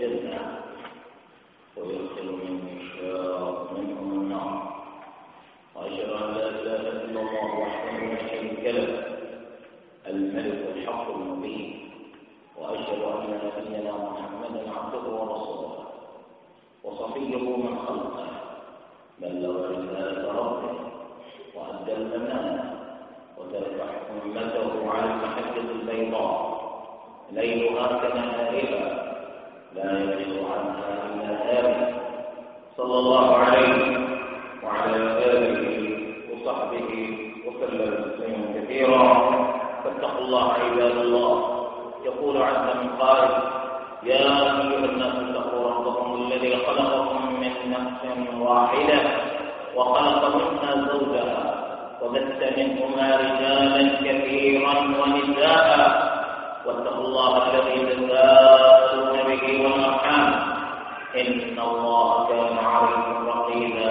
وأشهد أن لا إله إلا الله وحده الملك الحق المبين وأشهد أن نبينا محمدا عبده ورسوله وصفيه من خلقه بلغ ربه أمته على المحجة البيضاء ليلها كنهارها لا يزيد عنها إلا آمن صلى الله عليه وعلى آله وصحبه وسلم تسليما كثيرا فاتقوا الله عباد الله يقول عز من قائل يا أيها الناس اتقوا ربكم الذي خلقكم من نفس واحدة وخلق منها زوجها وبث منهما رجالا كثيرا ونساء واتقوا الله الذي تساءلون به والارحام ان الله كان عليكم رقيبا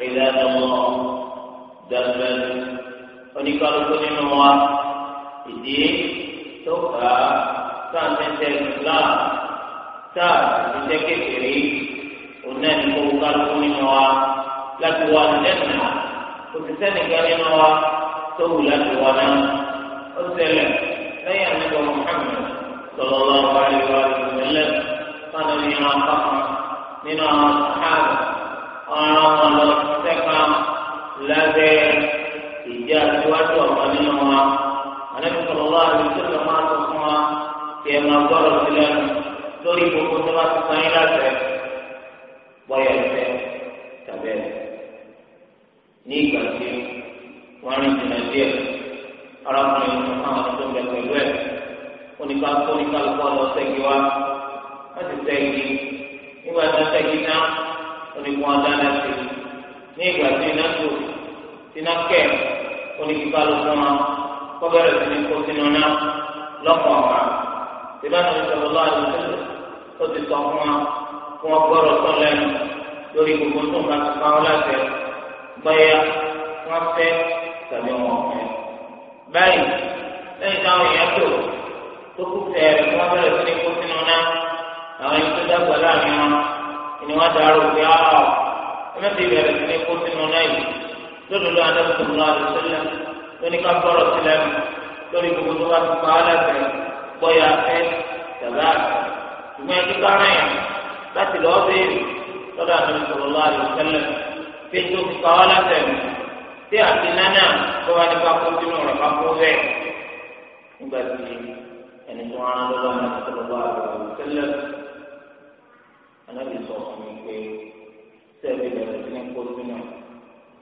عباد الله دبل oníkàlùkù nínú wa ìdí tó kà á sáà ń tẹ́tẹ́ islam sáà ń tẹ́ kékeré onáni kó kálukú nínú wa láti wá lẹ́nà òtítẹ́ nìkan nínú wa tó wù láti wà náà ó ṣẹlẹ̀ lẹ́yìn àlejò Muhammad sọlọ lọ́wọ́ àlejò àlùfẹ́lẹ́ sọ́nà ní ìran pápá nínú àwọn sàhábà ọ̀ràn wọn lọ sẹ́ka lábẹ́ ìjà síwájú ọ̀kan nínú wa àlejò sọlọ lọ́wọ́ àlejò tó máa tó fún wa kí ẹ máa gbọ́dọ̀ sílẹ̀ lórí gbogbo tó bá ti sáyé láti bọ́yọ̀ ẹ̀fẹ́ tàbí ẹ̀fẹ́ ní ìgbà tí wọ́n rìn jìnnà díẹ̀ arákùnrin onígbà tó nígbà lọ́kọ́ lọ sẹ́gi wa wọ́n ti sẹ́gi nígbà tó sẹ́gi náà onígbà wọn dáná sí i ní ìgbà tí iná tó iná kẹ́ onígbà lọ́kọ́ wọn kọ́ bẹ̀rẹ̀ sí ní kó sínú náà lọ́kọ̀ wọn ìbánu ìṣòro lọ́wọ́ àdúgbò ó ti sọ fún wa kí wọ́n gbọ́rọ̀ tó lẹ́nu lórí gbogbo tó ń bá ti pa ọ́ láti gbẹ́yà wọ́n fẹ́ tàbí wọn fẹ́. báyìí lẹ́yìn táwọn èèyàn tó tó kú fẹ́ ẹ̀rù wọn bẹ̀rẹ̀ sí ní kó sínú náà àwọn ẹni tó dàgbà láàrin wọn ni wọn dàrú pé á ọ ẹmẹ́tì bẹ̀rẹ̀ sí ní kó sínú náà yìí lódodo adébùtòmùlá àdùsílẹ̀ lóní ká gbọ́rọ̀ sílẹ̀ lórí gbogbo tó bá ti pa á lẹ́sẹ̀ gbọ́yà fẹ́ tẹ̀lá ṣùgbọ́n ẹni kára yẹn láti lọ́ọ́ béèrè lọ́dọ̀ àdébùtòmùlá àdùsílẹ̀ pé tó ti pa á lẹ́sẹ̀ tí àti nánà tó bá ní ká kó rẹ̀ ẹni tó ń lọ́wọ́ náà sọ̀rọ̀ wá lọ́wọ́ tẹ́lẹ̀ anábì sọ fún mi pé sẹ́ẹ̀bì bẹ̀rẹ̀ sí ní kó sínú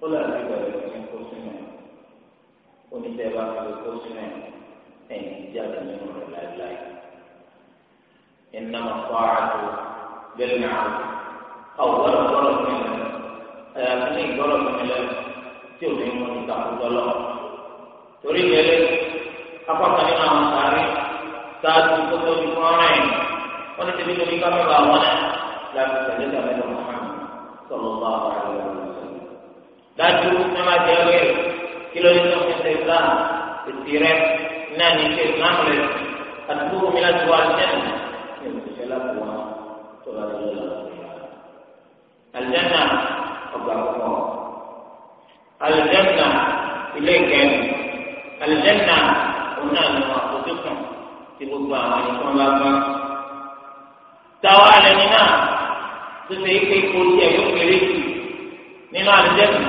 ó làbí sí ní kó sínú oníṣẹ́ bá fi kó sínú ẹ̀yìn ìjáde nínú rẹ̀ láìláì إنما الطاعة بالمعروف أو ولو ضرب من الله أيقني ضرب من الله tí o ní mú ní takùtọ̀ lọ. torí ìyẹlẹ apákan nínú àwọn ọ̀tá sáájú kótó ní kọ́rin wọ́n ní tẹ̀lé lórí kámẹ́ bá wọn láti tẹ̀lé tẹ̀lé lọ Muhammad sọ̀rọ̀ bá wà lọ́wọ́ dájú ẹ má jẹ́ wẹ̀ kí ló ní tó fi ṣe Islam ètì rẹ náà ní ṣe Islam mi láti wá àjẹ́nà ní ìṣẹ́ láti wá tó bá lọ́wọ́ lọ́wọ́ àjẹ́nà ọgbà pọ̀ àjẹ́nà ilé ìkẹ́ni àjẹ́nà òun náà ni tí gbogbo àwọn ẹni tó ń bá bá. táwa lẹni náà tó ṣe é pé ipò tiẹ̀ ló kéré jù nínú àdéjẹ́kù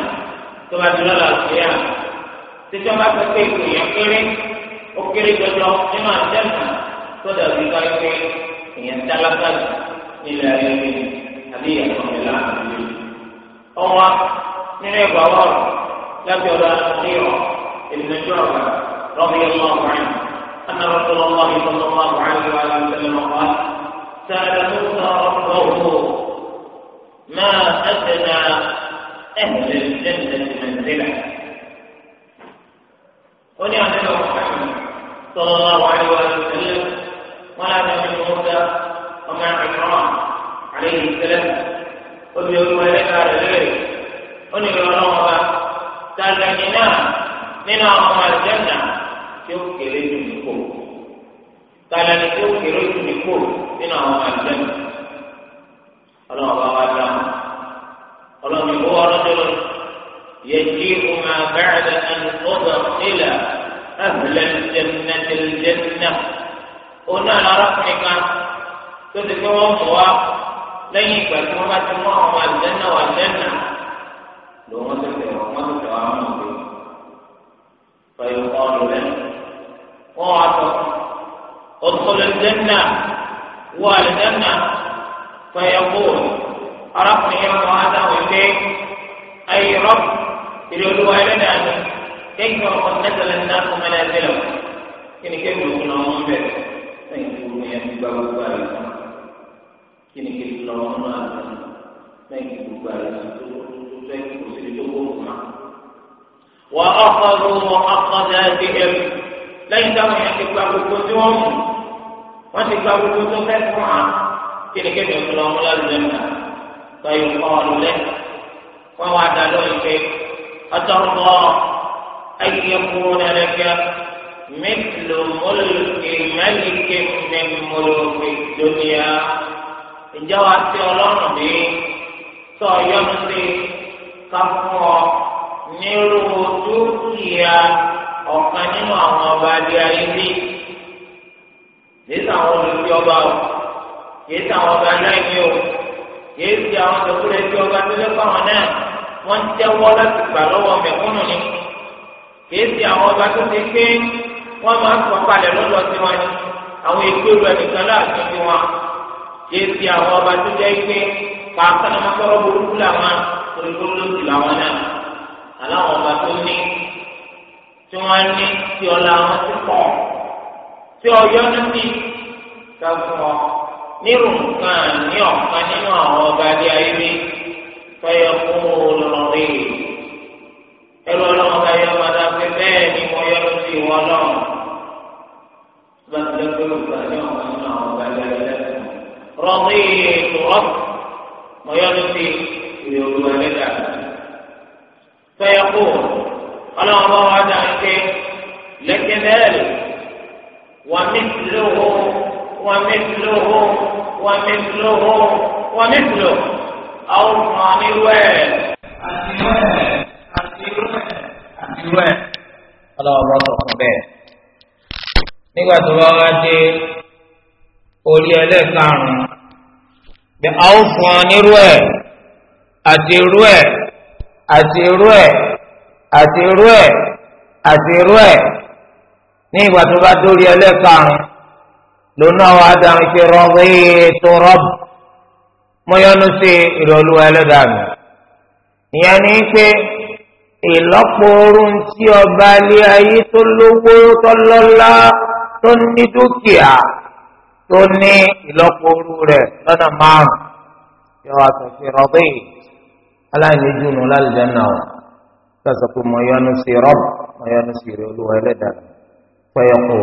tó bá ti lọ́la àṣeyà títí wọn bá fẹ́ pé ipò yẹn kéré ó kéré jọjọ nínú àdéjẹ́kù tó dàbí ká pé èèyàn dálákà jù nílẹ̀ ayé mi àbí ìyàtọ̀ mi láàbù mi. ọwọ́ nínú ìgbà wọ́ọ̀rọ̀ lábẹ́ ọ̀dọ̀ àṣeyọ̀ ìdùnnú ìjọba rọ́bì ọlọ́ọ̀rọ̀ أن رسول الله صلى الله عليه وآله وسلم قال سأل موسى ربه ما أدنى أهل الجنة منزلة ونعم محمد صلى الله عليه وآله وسلم ولا نبي موسى ومع عمران عليه السلام وفي يوم على ذلك ونعم الله تعالى نعم من أمر الجنة tí ó kéré jù ní kò tààlà ni tí ó kéré jù ní kò nínú àwọn àjẹ ọlọ́run bá wá dáhùn ọlọ́run ìwọ ọlọ́dún lọ yẹ kí o máa bẹ̀rẹ̀ ẹni tó bọ̀ nílẹ̀ ẹ̀fẹ̀lẹ̀ jẹ́nẹ́ jẹ́nẹ́ òun náà lọ́rọ́kùnrin kan tó ti pé wọ́n mọ̀ wá lẹ́yìn ìgbà tí wọ́n bá ti mú àwọn àjẹ náà wà jẹ́nà lòun ti tẹ̀ wọ́n ti wọ́n mọ̀ وعطر ادخل الجنة والجنة فيقول أرقني يا هذا وإليك أي رب يقولوا لنا كيف وقد نزل الناس منازلهم كني كيف يقولون لهم بيت يقولون يا بابا بابا كني كيف يقولون لهم وأخذوا مؤخذاتهم lẹ́yìn táwọn èèyàn ti gba gbogbo tí wọ́n mú wọ́n ti gba gbogbo tó fẹ́ fún wa kí ni kébì ń lọ ọmọlá lulẹ̀ mọ́ tọ́yọ̀ kọ́ọ̀lù lẹ́ wọ́n wá dá lóyún pé ọtọ́ ń bọ́ ayé kúrò lẹ́kẹ́ mẹ́tìlú mọ́lùkì mẹ́lìkì mẹ́mọ́lùkì dúníyà ìjọ wa ti ọlọ́run bí tọ́yọ̀ ń ṣe ká nírú dúkìá ọ̀kan nínú àwọn ọba adé ayé bí yéésà àwọn olùsí ọba o yéésà àwọn ọba aláìní o yéésì àwọn ìdókòlẹ̀ sí ọba tó lẹ́kọ̀ọ́ àwọn náà wọ́n ń tẹ́wọ́ láti gbà lọ́wọ́ mẹ̀kúnnù ni yéésì àwọn ọba tó ti pé wọ́n máa ń sọ palẹ̀ lọ́dọ̀ sí wọn ni àwọn ìgbèrú ẹnìkan láàbí sí wọn yéésì àwọn ọba tó jẹ́ pé pàápàá náà sọ̀rọ̀ burúkú làwọn olùkọ́ lóṣù làwọn náà àláwọn ọba tó ní tí wọ́n ní tí ọlá wọn ti pọ̀ tí ọyọ́ ní bí káfọ́ nírú nǹkan ní ọ̀kan nínú àwọn ọba adé ayé mi fẹ́yẹ kó lọ́rí ẹrú ọlọ́run káyọ̀ padà pé bẹ́ẹ̀ ni mo yọ lọ sí ìwọ náà bá pé olùkọ́ ní ọ̀kan nínú àwọn ọba adé ayé lẹ́sìn rọ́rí ètò mo yọ lọ sí ìwé olùwà lẹ́dà fẹ́yẹ kó ọlọ́run bá wà dá ike lẹ́kẹ̀dẹ́rì wàmísìlóhó wàmísìlóhó wàmísìlóhó wàmísìló àwọn ọmọ ìwẹ̀. àtiwẹ̀ àtiwẹ̀ àtiwẹ̀ ọlọ́run bá sọ fún bẹ́ẹ̀. nígbà tó bá wá dé orí ẹlẹ́karùn-ún bí àwọn fún ọ nírú ẹ̀ àti irú ẹ̀ àti irú ẹ̀ àti irú ẹ̀ àti irú ẹ̀ ní ìgbà tó bá dórí ẹlẹ́karùn-ún lónà wà á dáhùn pé rọ́bì tó rọ́bù mọ́yọ́nú sí ìrọ̀lú ẹlẹ́dàá mi. ìyẹn ni pé ìlọ́pọ̀ oorun tí ọba ilé ayé tó lówó tó lọ́lá tó ní dúkìá tó ní ìlọ́pọ̀ oorun rẹ̀ lọ́nà márùn-ún yọ àtúnṣe rọ́bì aláìní jùlọ lálẹ́ jẹ́ náà sọ pé mo yọ́nú sí rọ́ọ̀bù mo yọ́nú sí rẹ̀ olúwa ẹlẹ́dàá pẹ́yọ́kù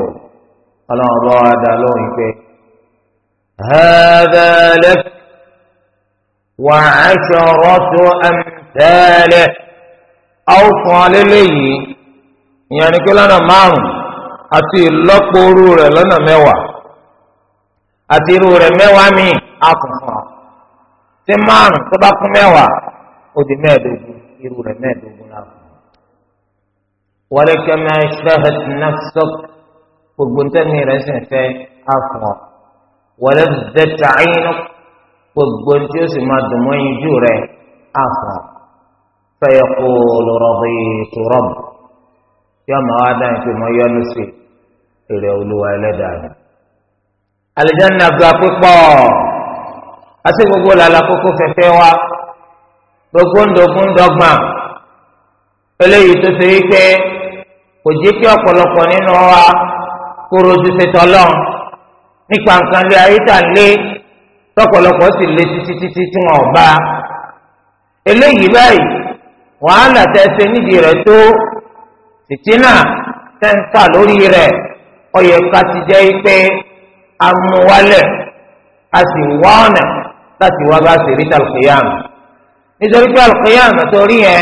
ọlọ́run bá wa dá lóhùn pé hàdà lẹ́k wà á ṣọ̀rọ̀ tó ẹ̀mtẹ́lẹ̀ ọ̀fun alẹ́lẹ́yìí ìyẹn ni pé lọ́nà márùn-ún àti ìlọ́pọ̀ orú rẹ̀ lọ́nà mẹ́wàá àti irú rẹ̀ mi àkùnfọ̀n tí márùn-ún tó bá kún mẹ́wàá di mẹ́ẹ̀ẹ́dógún irú rẹ̀ mẹ́ẹ̀ẹ́dógún. ولك ما اشتهت نفسك وقنتني رسم في أفوى ولذت عينك وقنتي اسم الدمين جوري أفوى فيقول رضيت رب يا ما أدعك ما ينسي إلى أولوى لدعنا الجنة بقى àti gbogbo làlà kókó fẹfẹ wa gbogbo ńdọgbọn dọgbọn eléyìí tó ṣe wípé kò jẹ́ kí ọ̀pọ̀lọpọ̀ nínú wa kóró ti ṣe tọ́lọ́ nípa nǹkan lé ayé tà lé tọ́pọ̀lọpọ̀ sì lé títí títí tí wọn ò bá eléyìí báyìí wàhálà tẹsẹ nídìí rẹ̀ tó fìtínà tẹ́ǹtà lórí rẹ̀ ọyẹ ká ti jẹ́ pé a mú wálẹ̀ a sì wá ọ̀nà láti wá bá ṣe rí alqiyama nítorí pé alqiyama torí yẹn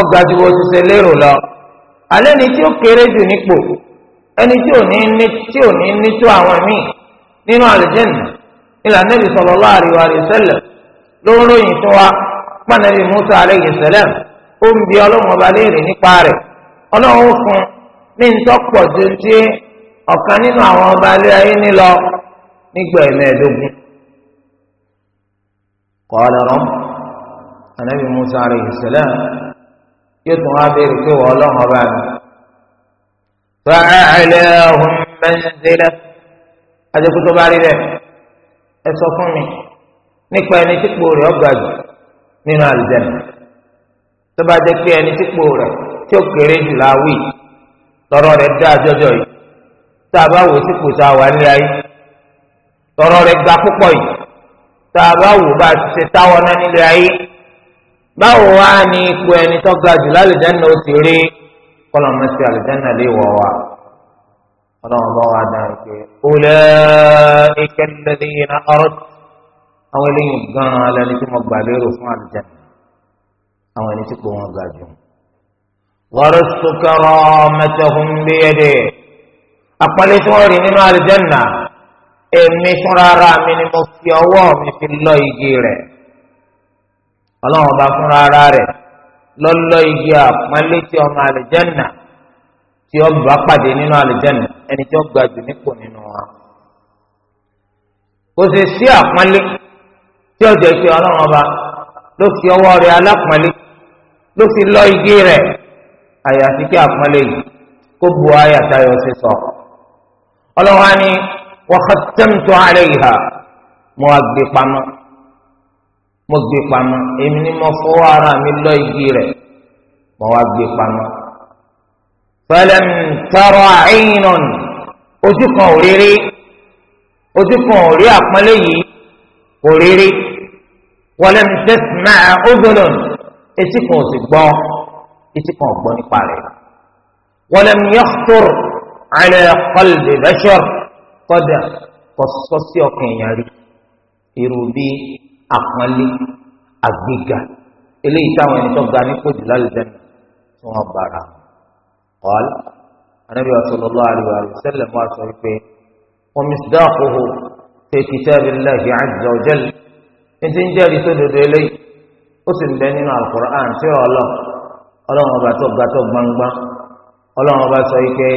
ọgbà tí wọ́n ti ṣe lérò lọ. alẹ́ ni tí ó kéré jù nípò ẹni tí ò ní ní tí ò ní ní tó àwọn míì nínú àlùjẹ́nà ìlànà Nabi sallallahu alaihi wa ló ń ròyìn fún wa pànàbí Musa alayhi ó ń bi ọlọ́run léèrè nípa rẹ̀ ọlọ́run fún ní ntọ́pọ̀ tó ti nínú àwọn ọba ilé nílọ nígbà Musa yóò tún wá béèrè pé wọ́n ọlọ́run ọba mi. fàáhìlẹ̀ ọ̀hún mẹ́ńdẹ́lẹ́ adékú tó bá rí rẹ̀ ẹ sọ fún mi nípa ẹni tí kpó rẹ̀ ọ̀gá jù nínú àlùjẹ́nà tó bá jẹ́ pé ẹni tí kpó rẹ̀ tí ó kéré jù láwì lọ́rọ̀ rẹ̀ dá àjọjọ yìí tá a bá wò sí kò wà nílé ayé lọ́rọ̀ rẹ̀ gba púpọ̀ yìí tá a bá wò bá ṣe táwọn náà nílé ayé báwo wá ní ipò ẹni tó ga jù lálùjáná ó ti rí kọlọmọsí àlùjáná lè wọ wa ọlọ́run bá wa dá ike olè ìkẹlẹlẹ iná ọ̀rọ̀ àwọn eléyìí gan-an alẹni tí mo gbà lérò fún àlùjáná àwọn ẹni tí kò wọn ga jù. wọ́rọ̀ sukẹrọ mẹtẹkùn bíyẹdẹ àpọ́nlé tí wọ́n rí nínú àlùjáná èmi fúnra mi ni mo fi ọwọ́ mi fi lọ igi rẹ̀ ọlọ́run ọba fúnra ara rẹ̀ lọ́lọ́ igi àpọ́nlé tí ọmọ àlùjẹ́nà tí ó bá pàdé nínú àlùjẹ́nà ẹni tí ó ga jù nípò nínú wa. kò sì sí àpọ́nlé tí ó jẹ́ pé ọlọ́run ọba ló fi ọwọ́ rẹ̀ alápọ́nlé ló fi lọ́ igi rẹ̀ àyàfi kí àpọ́nlé yìí kó bu ayàtayọ̀ sí sọ. ọlọ́run á ní wàhátẹ́mtọ́ àlẹ́ ìhà mo àgbè pamọ́ mo gbé pamọ́ èmi ni mo fọwọ́ ara mi lọ igi rẹ̀ mo wá gbé pamọ́. falam tara aynun ojú kan ò rírí ojú kan ò rí àpọ́nlé yìí kò rírí walam tasma'a udhunun etí kan ò sì gbọ́ etí kan ò gbọ́ nípa rẹ̀ walam yakhtur ala qalbi bashar kọ́dà kọ́sọ́sí ọkàn èèyàn irú bíi àpọ́nlé àgbéga eléyìí táwọn ẹni tó ga nípò jù lálùjẹ́nu tí wọ́n bára ọ̀l anábì sallallahu alaihi wa sallam wá sọ pé wa misdaquhu fi kitabillahi azza wa jalla ní ti ń jẹ́rìí tó dodo eléyìí ó sì ń bẹ nínú al-Qur'an tí ó lọ ọlọ́run ọba tó ga tó gbangba ọlọ́run ọba sọ pé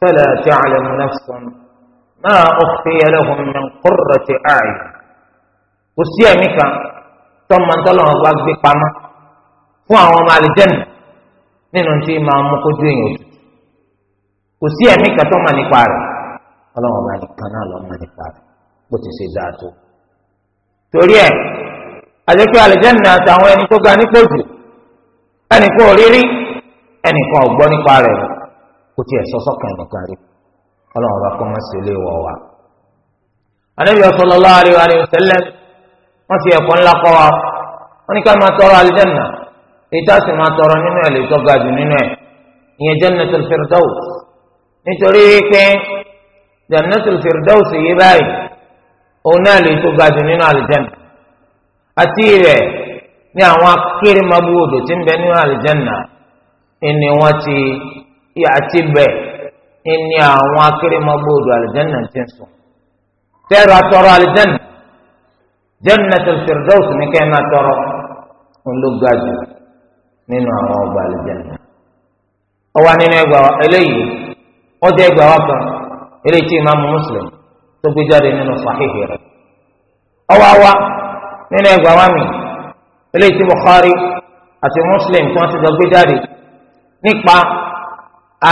fala ta'lamu nafsun ma ukhfiya lahum min qurrati a'yun. kò sí ẹ̀mí kan tọ́mọ tọ́lọ́mọ bá gbé pamọ́ fún àwọn ọmọ àlìjẹ́nì nínú tí máa mú kójú èèyàn òtútù kò sí ẹ̀mí kan tọ́mọ nípa rẹ̀ ọlọ́mọ bá nìkan náà lọ́mọ nípa rẹ̀ bó ti ṣe dáa tó. torí ẹ̀ àdékùn àlìjẹ́nì àtàwọn ẹni tó ga nípò jù ẹnìkan ò rírí ò gbọ́ nípa rẹ̀ kò tiẹ̀ sọ́sọ́ kan rí bá kọ́ wọ́n fi ẹ̀kọ́ ńlá kọ́ wa wọ́n ní ká máa tọrọ aljanna èyí tá a sì máa tọrọ nínú ẹ̀ lè tọ́ ga jù nínú ẹ̀ ìyẹn jannatul firdaus nítorí pé jannatul firdaus yìí báyìí òun náà lè tó ga jù nínú aljanna àti rẹ̀ ní àwọn akérèmọ́bù odò tí ń bẹ nínú aljanna ẹni wọ́n ti àti bẹ̀ ẹni àwọn akérèmọ́bù odò aljanna ti sùn tẹ́ẹ̀rọ atọ́rọ aljanna. Jannatul Firdaus ní kẹ́ máa tọrọ ń ló ga jù nínú àwọn ọgbà àlùjánnà. ọwọ́ nínú ẹgbàá eléyìí wọ́n jẹ́ ẹgbàá wa kan eléyìí tí ìmáàmù Muslim tó gbé jáde nínú sàhíhì rẹ̀. ọwọ́ wa nínú ẹgbàá wa mi eléyìí tí Bukhari àti Muslim tí wọ́n ti gbé jáde nípa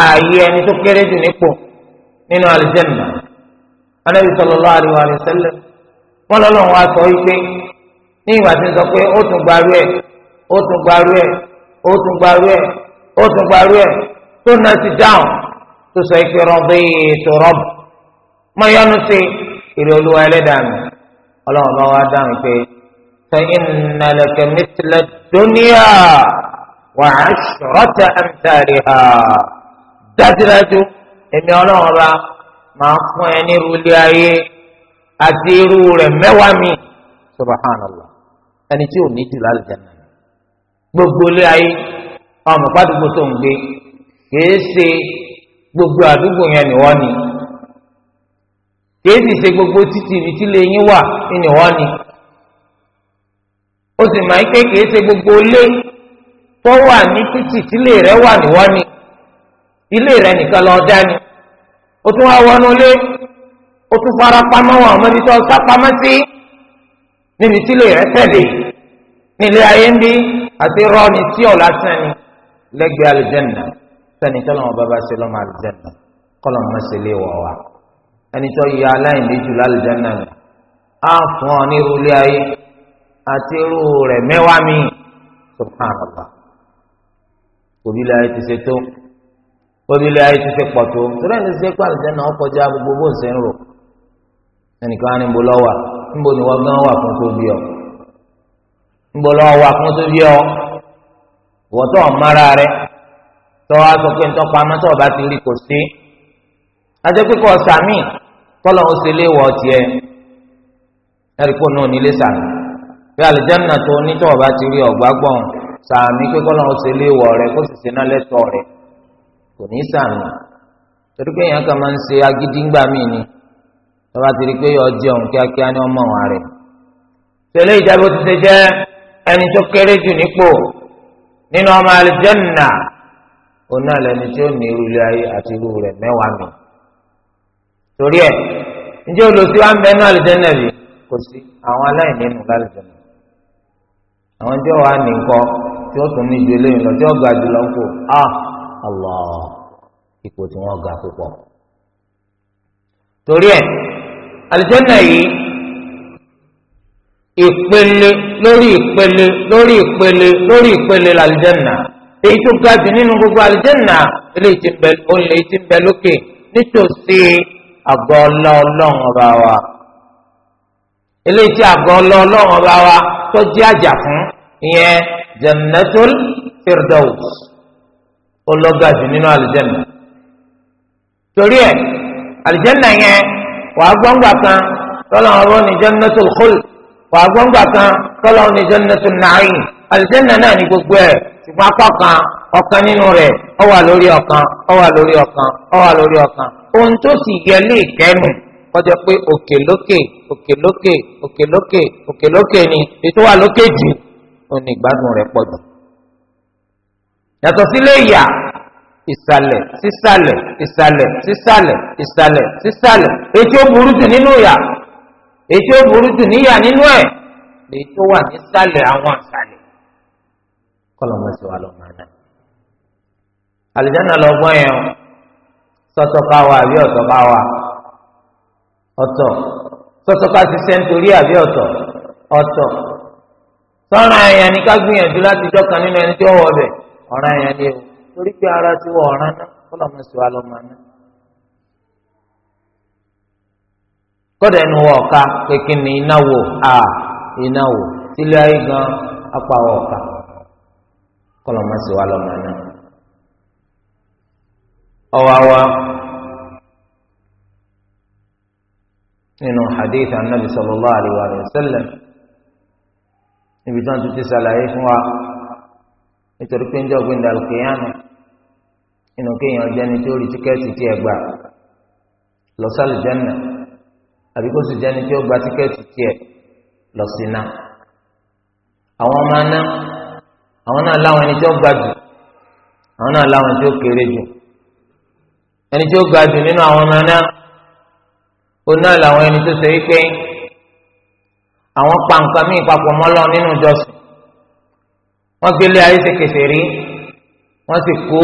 ààyè ẹni tó kéré jù nípò nínú àlùjánnà. anábì sallallahu alaihi wa sallam wọn lọ́lọ́run wa sọ wípé ní ìwà tí ń sọ pé ó tún gbarú ẹ̀ ó tún gbarú ẹ̀ ó tún gbarú ẹ̀ ó tún gbarú ẹ̀ tó náà ti dáhùn tó sọ pé rọ́bì tó rọ́bù mọ yọnu sí ìrè olúwa ẹlẹ́dàá mi ọlọ́run lọ́wọ́ á dáhùn pé sẹ́yìn nàlẹ́kẹ́ mẹ́tìlẹ́ dóníyà wà á ṣọ̀rọ̀tà ẹ̀mtàrí ha dájúdájú èmi ọlọ́run ọba máa fún ẹ ní ìrúlé ayé. àti irú rẹ̀ mẹ́wàá mi subhanallah ẹni tí ò ní jù gbogbo ilé ayé ọmọ pàdúgbò tó ń gbé kìí ṣe gbogbo àdúgbò yẹn nìwọ́n ni kìí gbogbo títì ibi tí lè yín wà ni ó gbogbo ilé tó wà ní títì tí rẹ wà ni rẹ nìkan lọ dání ó tún wá wọnú ilé. ó tún fara pamọ́ wọn àmọ́ ibi tó sá pamọ́ sí níbi tí lè rẹ́ tẹ̀lé nílé ayé ń bí àti rọ́ọ̀nì tí ọ̀la sẹ́ni lẹ́gbẹ̀ẹ́ alìjẹ́nà sẹ́ni tọ́lọ́ wọn bàbá ṣe lọ́mọ alìjẹ́nà kọ́lọ́ wọn ṣe lé wọ̀ wá ẹni tó yẹ aláìní jù lálìjẹ́nà rẹ̀ á fún ọ ní irú ilé ayé àti irú rẹ̀ mẹ́wàá mi subhanallah òbílẹ̀ ayé ti ṣe tó òbílẹ̀ ayé ti ṣe pọ̀ tó tó lẹ́yìn ti ṣe pé alìjẹ́nà ọkọ̀ já gbogbo bó ń ṣe ń rò. ẹnìkan á ní nbọ lọ́wọ́ nbọ ni wọ́n gán wà fún tó bí nbọ lọ́wọ́ wà fún tó bí wọ́n tọ́ ọ̀mára rẹ tọ́ a sọ pé ntọ́ pamọ́ tọ́ ọba ti rí kò sí ajẹ́ pé sàmì ó tiẹ̀ ẹ̀rí náà nílé sàmì tó onítọ́ ti rí ọ̀gbá gbọ̀n sàmì pé ó rẹ kó sì náà ni. tọ́ba ti rí pé ọjọ́ òun kíákíá ni ọmọ wa rẹ̀ tẹ̀lé ìjábọ̀ ti ṣe jẹ́ ẹni tó kéré jù nípò nínú ọmọ alìjẹ́nà òun lẹni tí ó ní irú ayé àti irú rẹ̀ mẹ́wàá mi torí ẹ̀ olùsí wa ń bẹ ní alìjẹ́nà kò sí àwọn aláìní nù lálìjẹ́nà àwọn wa ní lọ tí ó ga jù lọ ń ah, ipò tí ga púpọ̀ torí àlùjẹ́nà yìí ìpele lórí ìpele lórí ìpele lórí ìpele làlùjẹ́nà èyí tó ga jù nínú gbogbo àlùjẹ́nà eléyìí ti bẹ olè ti bẹ lókè nítòsí àgọ́ ọlọ́ọ̀lọ́run ọba wa eléyìí tí àgọ́ ọlọ́ọ̀lọ́run ọba wa tó jẹ́ àjà fún ìyẹn Jannatul Firdaus ó lọ́gàjù nínú àlùjẹ́nà torí ẹ̀ àlùjẹ́nà yẹn wàá gbọ́ngbà kan tọ́lọ̀ ọ̀rọ̀ ní jannatul khuld wàá gbọ́ngbà kan tọ́lọ̀ ní jannatun na'im àlùjẹ́nà náà ní gbogbo ẹ̀ ṣùgbọ́n apá kan ọ̀kan nínú rẹ̀ ó wà lórí ọ̀kan ó wà lórí ọ̀kan ó wà lórí ọ̀kan ohun tó sì yẹ lé ìkẹ́nu kọjá pé òkè lókè òkè lókè òkè lókè òkè lókè ni ètò wà lókè jù òun ìgbádùn rẹ̀ pọ̀ jù. yàtọ̀ sílé ìyà ìsàlẹ̀ sísàlẹ̀ ìsàlẹ̀ sísàlẹ̀ ìsàlẹ̀ sísàlẹ̀ ètí ó burú jù nínú yà ètí ó burú jù níyà nínú ẹ̀ lèyí tó wà nísàlẹ̀ àwọn àsàlẹ̀ kọlọmọsí wa lọ máa dá àlùjáná lọ gbọ́n yẹn sọ́tọ́ká wa àbí ọ̀tọ́ká wa ọ̀tọ̀ sọ́tọ́ká ṣiṣẹ́ nítorí àbí ọ̀tọ̀ ọ̀tọ̀ sọ́ra ẹ̀yàn ní ká gbìyànjú láti jọ́ kan nínú ẹni tí ó wọ̀ ọ̀bẹ̀ ni torí pé ara ti wọ ọ̀ràn náà kọ́lá ọmọ sí wa lọ́ máa kọ́dà ẹnu wọ ọ̀ka kékin ní iná wò á iná ayé gan apá ọ̀ka sí wa lọ́ máa ọwọ́ awa nínú hadith anabi sallallahu sallam níbi tí wọ́n wa. nítorí pé ń jọ gbé ndàlùkè yánu inú kéèyàn jẹni tó rí tíkẹ́ẹ̀tì tí ẹ gbà lọ sálù jẹ́nà àbí kó sì jẹni tí ó gba tíkẹ́ẹ̀tì tí ẹ lọ sí iná. àwọn ọmọ aná àwọn náà láwọn ẹni tí ó gbà jù àwọn náà láwọn ẹni tí ó kéré jù ẹni tí ó gbà nínú àwọn ọmọ aná ó náà làwọn ẹni tó ṣe é àwọn pa nǹkan míì papọ̀ mọ́lọ́ nínú ìjọsìn wọ́n gbélé ayé ṣe kèfèrí wọ́n sì kú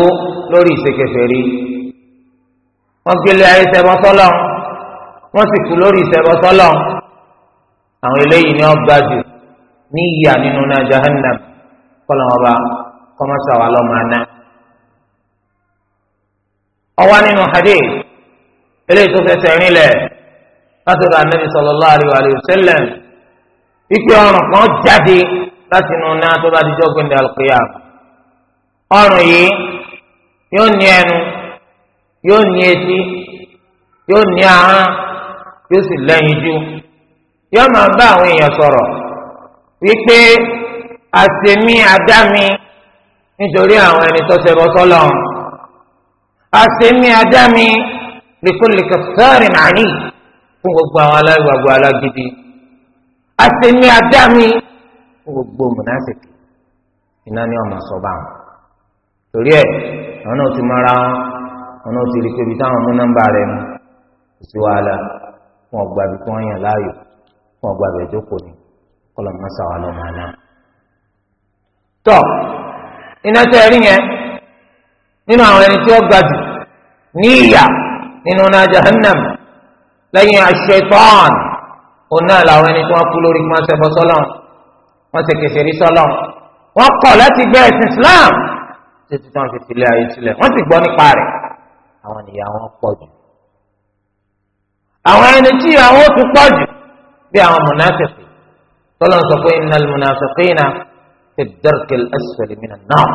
lórí ìṣe kèfèrí wọ́n gbélé ayé ṣẹbọ sọ́lọ̀ wọ́n sì kú lórí ìṣẹbọ sọ́lọ̀ àwọn eléyìí ni wọ́n gbà jù ní ìyà nínú náà jahannam kọ́lọ̀ wọn bá kọ́mọ́sá wa lọ́ máa ọwọ́ nínú hadith eléyìí tó fẹsẹ̀ rinlẹ̀ látọ̀dọ̀ anabi sallallahu alaihi wa sallam wípé ọrùn kan jáde. láti inú náà tó bá gbẹ̀ndẹ̀ àlùkìyà ọrùn yìí yóò ní ẹnu yóò ní etí yóò ní ahọ́n yóò sì lẹ́yìn jú yóò máa bá àwọn èèyàn sọ̀rọ̀ wípé àsèmi àdámi nítorí àwọn ẹni tó ṣẹbọ sọ́lọ̀ àsèmi àdámi lèkólè kẹsàárìn àní fún gbogbo àwọn alágídí àdámi. gbogbo mùnásìkì iná ni ọmọ sọba àwọn torí ẹ mara wọn àwọn náà ti rí pé táwọn mú nọ́mbà rẹ mu kò sí wàhálà wọn gba ibi wọn yàn láàyò wọn gba ibẹ̀ jókòó ni kọlọ n'iya sáwà tọ iná yẹn nínú àwọn ẹni tí ó ga jahannam òun wọ́n ṣe kèfèrí sọ́lọ́ wọ́n kọ̀ láti gbé ẹ̀sìn Islam títí tí wọ́n fi filẹ̀ ayé sílẹ̀ wọ́n sì gbọ́ nípa rẹ̀ àwọn nìyà wọn pọ̀ jù àwọn ẹni tí àwọn ó tún pọ̀ jù bí àwọn mùnàfẹ́fẹ́ tọ́lọ́ sọ pé innal munafiqina fi darkil asfali minan nar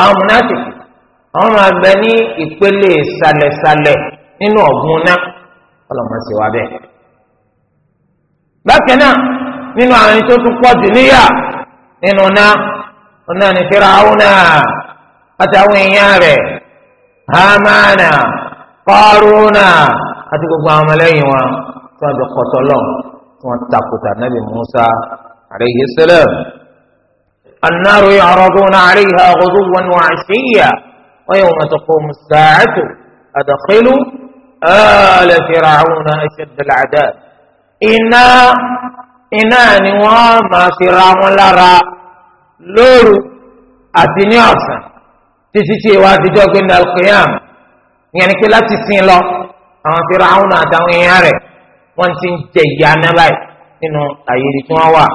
àwọn mùnàfẹ́fẹ́ àwọn máa bẹ ní ìpele ìsàlẹ̀sàlẹ̀ nínú ọ̀gbun náà ọlọ́mọ sì wá bẹ́ẹ̀. bákan náà nínú àwọn ẹni tó tún pọ̀ jù níyà nínú náà ọ̀nà ní Fíráúnà àtàwọn èèyàn rẹ̀ Hámánà Kọ́rúnà àti gbogbo àwọn ọmọlẹ́yìn wọn tí wọ́n ti kọ́tọ́ lọ tí wọ́n takùtà nàbì Musa alayhi salam. النار يعرضون عليها غدوا وعشيا ويوم تقوم الساعة أدخلوا آل فرعون أشد العذاب إنا iná ni wọ́n máa fi ra wọn lára lóru àti ní ọ̀sán títí tí ìwà àtijọ́ gbé ní alqiyam ìyẹn ni pé láti sin lọ àwọn fi ra wọ́n ti ń jẹ ìyá náà báyìí nínú àyè tí wọ́n wà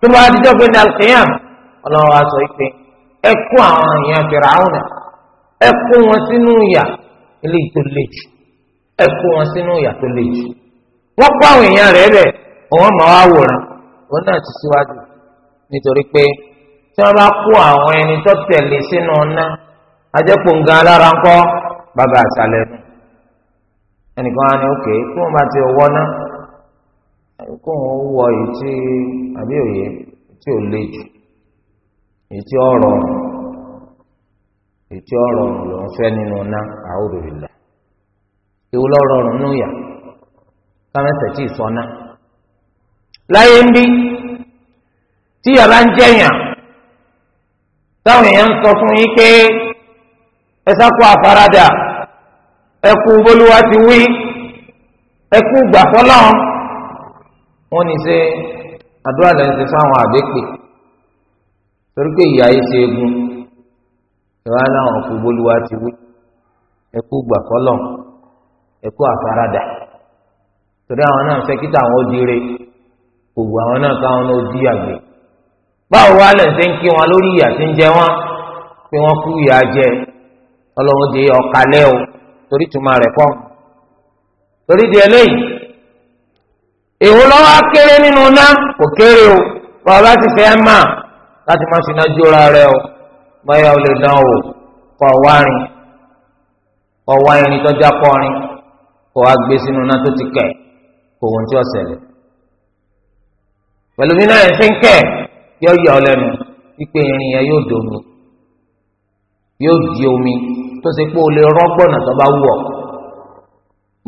tó bá àtijọ́ gbé ní alqiyam ọlọ́wọ́ aṣọ ìpè ẹ kó àwọn èèyàn fi ra àwọn ẹ kó wọn sínú ìyà eléyìí tó le jù wọ́n kó àwọn rẹ̀ bẹ́ẹ̀. òun máa wá wòran òun náà ti síwájú nítorí pé tí wọ́n bá kó àwọn ẹni tó tẹ̀lé sínú ọ̀nà ajẹ́pọ̀ǹgà alára ń kọ́ bàbá àṣàlẹ̀ nù ẹnìkan á ní òkè kí wọ́n bá ti wọ́ ná kó wọ́n wọ èyí tí àbí òye tí ò le jù ewu nù yà láyé ń bí tí yàrá ń jẹyàn táwọn èèyàn ń sọ fún yín pé ẹ sáko àfaradà ẹ kú bolúwa ti wí ẹ kú gbà fọlọ́ wọn ní ṣe àdúrà lẹ́yìn ti fáwọn àbẹ́pẹ́ torí pé ìyá yìí ṣe egun ìwà láwọn kú bolúwa ti wí ẹ kú gbà fọlọ́ ẹ kú àfaradà torí àwọn náà ń fẹ́ kí táwọn ó dire. gbogbo àwọn náà káwọn náà di àgbè báwo wá lẹ̀ ṣe ń kí wọn lórí ìyà tí ń wọn pé wọn kú ìyà jẹ ọlọ́run di ọ̀kalẹ́ o torí tuma rẹ̀ kọ́ torí di eléyìí èwo lọ́wọ́ kéré nínú ná kò kéré o báwo láti fẹ́ mà láti má fi náà jóra rẹ o báyọ̀ lè dán o kọ̀ wárin kọ̀ wá irin tọ́jà kọrin kọ̀ wá gbé sínú ná tó ti kẹ̀ kò wọ́n pẹ̀lú bí náà ṣe ń kẹ́ yọ yọ lẹ́nu wípé irin yẹn yóò domi yóò di omi tó ṣe pé o lè rọ́gbọ̀nà tó bá wù ọ́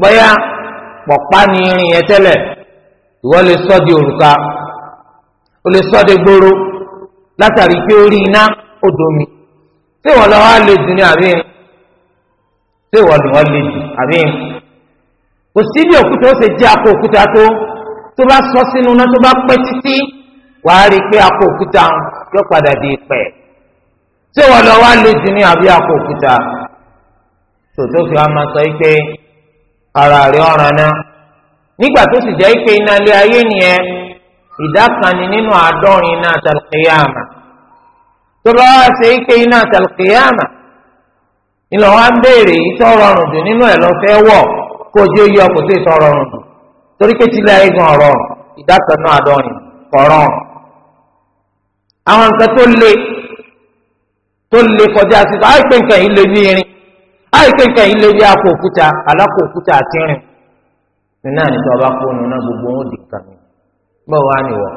bóyá pọ̀pá ni irin yẹn tẹ́lẹ̀ ìwọ lè sọ di òrùka o lè sọ di gbòòrò látàrí pé ó rí iná ó domi ṣé ìwọ lọ wá lè dùn ní àbí irin ṣé ìwọ ni wọ́n lè dùn àbí irin kò sí bí òkúta ó ṣe jẹ́ akó òkúta tó tó bá sọ sínú náà tó bá pẹ́ títí wàá rí i pé akọ òkúta yóò padà di pẹ̀ tí wọ́n lọ wá lè jù ní àbí akọ òkúta tòótọ́ fi wá máa sọ pé ara rẹ̀ ọ̀ràn náà nígbà tó sì jẹ́ pé iná ilé ayé nìyẹn ìdá kan ni nínú àádọ́rin iná àtàlùkìyàmà tó bá wá ṣe pé iná àtàlùkìyàmà ìlọ wa ń béèrè yìí tó rọrùn jù nínú ẹ̀ lọ fẹ́ wọ̀ kó o jẹ́ oyè ọkùnrin tó rọrùn jù. torí pé tilẹ̀ igun ọ̀rọ̀ ìdákanná àdọ́rin kọ̀ọ̀rọ̀ àwọn nǹkan tó le tó le kọjá sísọ àìpé nǹkan yìí lè ní irin àìpé nǹkan yìí lè ní akọ òkúta alákọ òkúta àti irin nínú ọba gbogbo wọn di wá nìwọ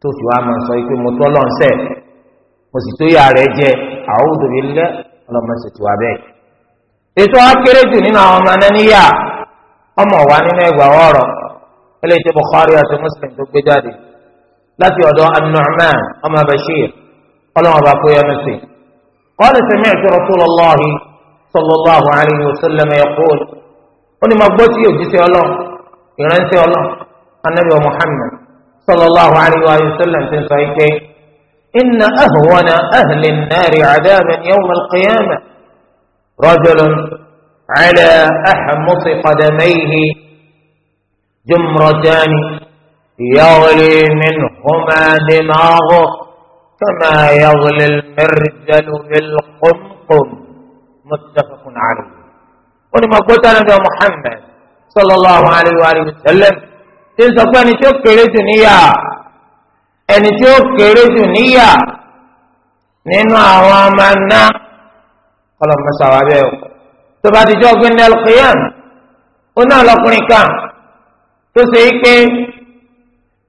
tó fi wá máa sọ pé mo tọ́ mo sì tó yà rẹ̀ àwọn ọmọ wa nínú ẹgbàá ọ̀rọ̀ eléyìí tí Bukhari àti Muslim tó gbé jáde láti ọ̀dọ̀ An-Nu'man ọmọ Bashir ọlọ́wọ́n bá kó yẹnu sí. qala sami'tu Rasulullahi sallallahu alayhi wa sallam yaqul ó ní ma gbọ́ sí òjíṣẹ́ ọlọ́run ìránṣẹ́ ọlọ́run anabi wa Muhammad sallallahu alayhi على أحمص قدميه جمرتان يغلي منهما دماغه كما يغلي المرجل بالقمقم متفق عليه ولما قلت أنا محمد صلى الله عليه وآله وسلم تنسى فاني شو كريت نيا أني شو كريت نيا نينو أوامنا قال ما سوابيه tọba àtijọ́ gbẹ́ndé alqiyam ó náà kan tó ṣe é pé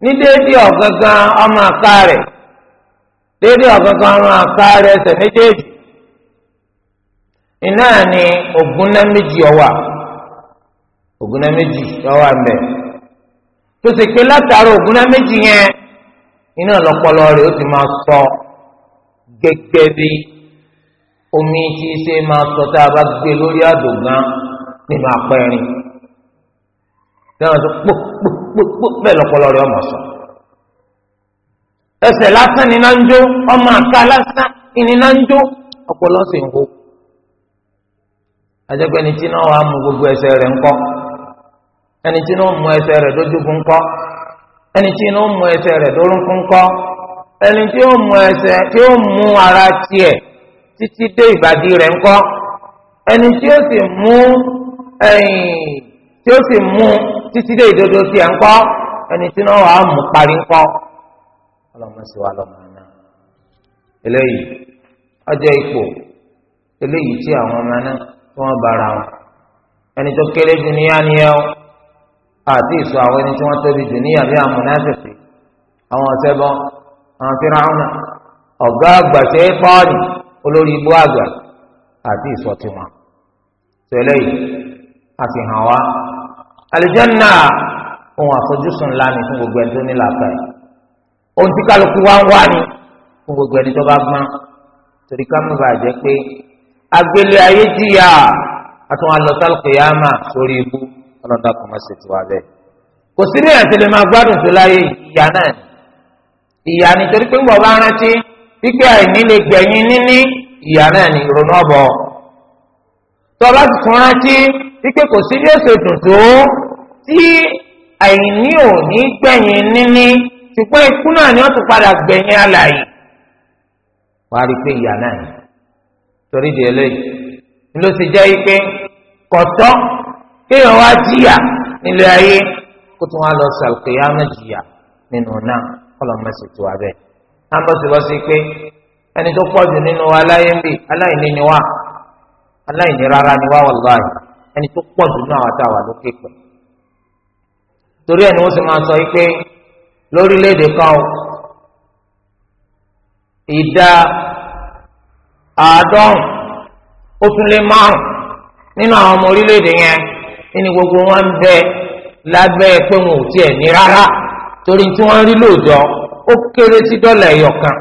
ní déédéé ọ̀gángan ọmọ àká rẹ̀ déédéé ọ̀gángan ọmọ àká rẹ̀ ẹsẹ̀ méjèèjì iná ni ògúnná méjì ọwà ògúnná méjì ọwà mẹ tó ṣe pé látara yẹn iná omi tí í ṣe máa sọ tá a bá gbé lórí àdògán ní máa pẹ́rin náà tó kpókpókpó bẹ́ẹ̀ lọ́pọlọ rẹ̀ ọmọ sọ. ẹsẹ̀ lásán ni náà ń jó ọmọ àká lásán ni náà ń jó ọpọlọ sì ń kó. àjẹpẹ́ ni tí náà wàá mú gbogbo ẹsẹ̀ rẹ̀ ńkọ́ ẹni tí náà mú ẹsẹ̀ rẹ̀ dójúkú ńkọ́ ẹni tí náà mú ẹsẹ̀ rẹ̀ dórúkú ńkọ́ ẹni tí ó mú ẹsẹ̀ tí ó mú ara tiẹ̀ títí dé ìbàdí rẹ̀ ńkọ́ ẹni tí ó sì mú tí ó sì mú títí dé ìdodo tiẹ̀ ńkọ́ ẹni tí náà wàá mú parí ńkọ́ ọlọ́mọ sí wa lọ́mọ náà eléyìí ọjọ́ ipò eléyìí tí àwọn ọmọ náà tí wọ́n bára wọn ẹni tó kéré jù níyà níyà ó àti ìsọ àwọn ẹni tí wọ́n tóbi jù níyà bí àmúnáfẹ̀fẹ̀ àwọn ọ̀sẹ̀ bọ́ àwọn fíráhùn ọ̀gá àgbàṣe pọ́ọ̀nì. olórí ibú àgbà àti ìsọtiwọn tẹlẹ yìí àfihàn wa àlìjẹ́nà ohun àfojúsùn ńlá ni fún gbogbo ẹni tó ní ohun tí kálukú wá ń wá ni fún gbogbo ẹni tó bá gbọ́n torí ká mú bàjẹ́ pé agbélé ayé jìyà àtúwọn àlọ́sálù kìyàmà sórí ibú ọlọ́dà kò má ṣe ti wá bẹ́ẹ̀ kò sí ní ẹ̀sìn lè máa gbádùn tó láyé ìyá náà ìyá nítorí pé ń pípẹ́ àìní lè gbẹ̀yìn níní ìyá náà ní ìrònú ọ̀bọ̀. tọ́lá ti tún rántí pípẹ́ kò sí bí èso dùdú tí àìní ò ní gbẹ̀yìn níní ṣùgbọ́n ikú náà ni wọ́n ti padà gbẹ̀yìn alàyè. wàá rí i pé ìyá náà torí di eléyìí ló ti jẹ́ pé kọ̀tọ́ kéèyàn wá jìyà nílé ayé kó tún wá lọ sàlùkè yá náà jìyà nínú náà kọ́lọ́ mẹ́sì tó wá bẹ́ẹ̀. ambọ̀sibọ́sí pé ẹni tó pọ̀jù nínú wa láyé ń aláìní ni wá aláìní rárá ni wá ẹni tó pọ̀jù nínú àwọn àtàwà lókè pẹ̀. torí ẹni wọ́n sì máa sọ pé lórílẹ̀‐èdè kan ìdá àádọ́rùn ó ma márùn nínú àwọn ọmọ orílẹ̀‐èdè yẹn nínú gbogbo wọn bẹ lábẹ́ pé wọn ò tiẹ̀ ní rárá torí tí wọ́n rí lóòjọ́. ó kéré sí dọ́là ẹ̀yọ̀ kan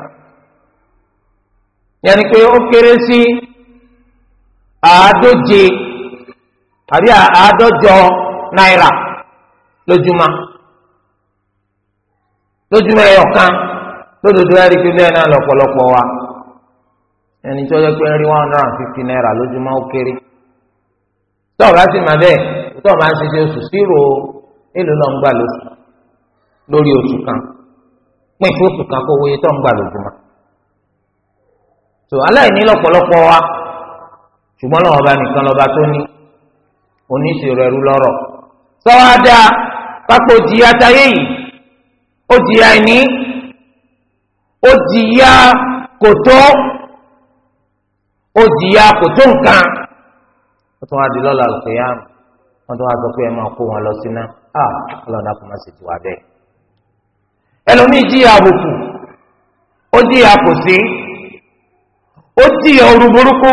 yẹnni pé ó kéré sí àádóje tàbí àádọ́jọ náírà lójúmọ́ lójúmọ́ lódodo wa ẹni tí ó yẹ pé ń rí one hundred and fifty naira lójúmọ́ ó kéré o bá sì máa bẹ́ẹ̀ tọ́ọ̀ máa ń ṣiṣẹ́ oṣù sírò èlò lọ́ngbà lórí kan. pín fóṣù kan kó wòye tó ń gbà lójúmọ́ tó aláìní lọ́pọ̀lọpọ̀ wa ṣùgbọ́n lọ́wọ́ bá nìkan lọ́ba tó ní oníṣirò ẹrú lọ́rọ̀ sọ́wádà pápó jìyà táyé yìí ó jìyà ẹni ó jìyà kòtó ó jìyà kòtó nǹkan ó tún wá di lọ́la àlùkò yá wọn tún wá sọ pé ẹ máa kó wọn lọ sí náà á ah, ọlọ́dà kò má sì ti wá bẹ́ẹ̀ ẹlòmíì jíyà àbùkù ó jíyà kò sí ó jíyà ooru burúkú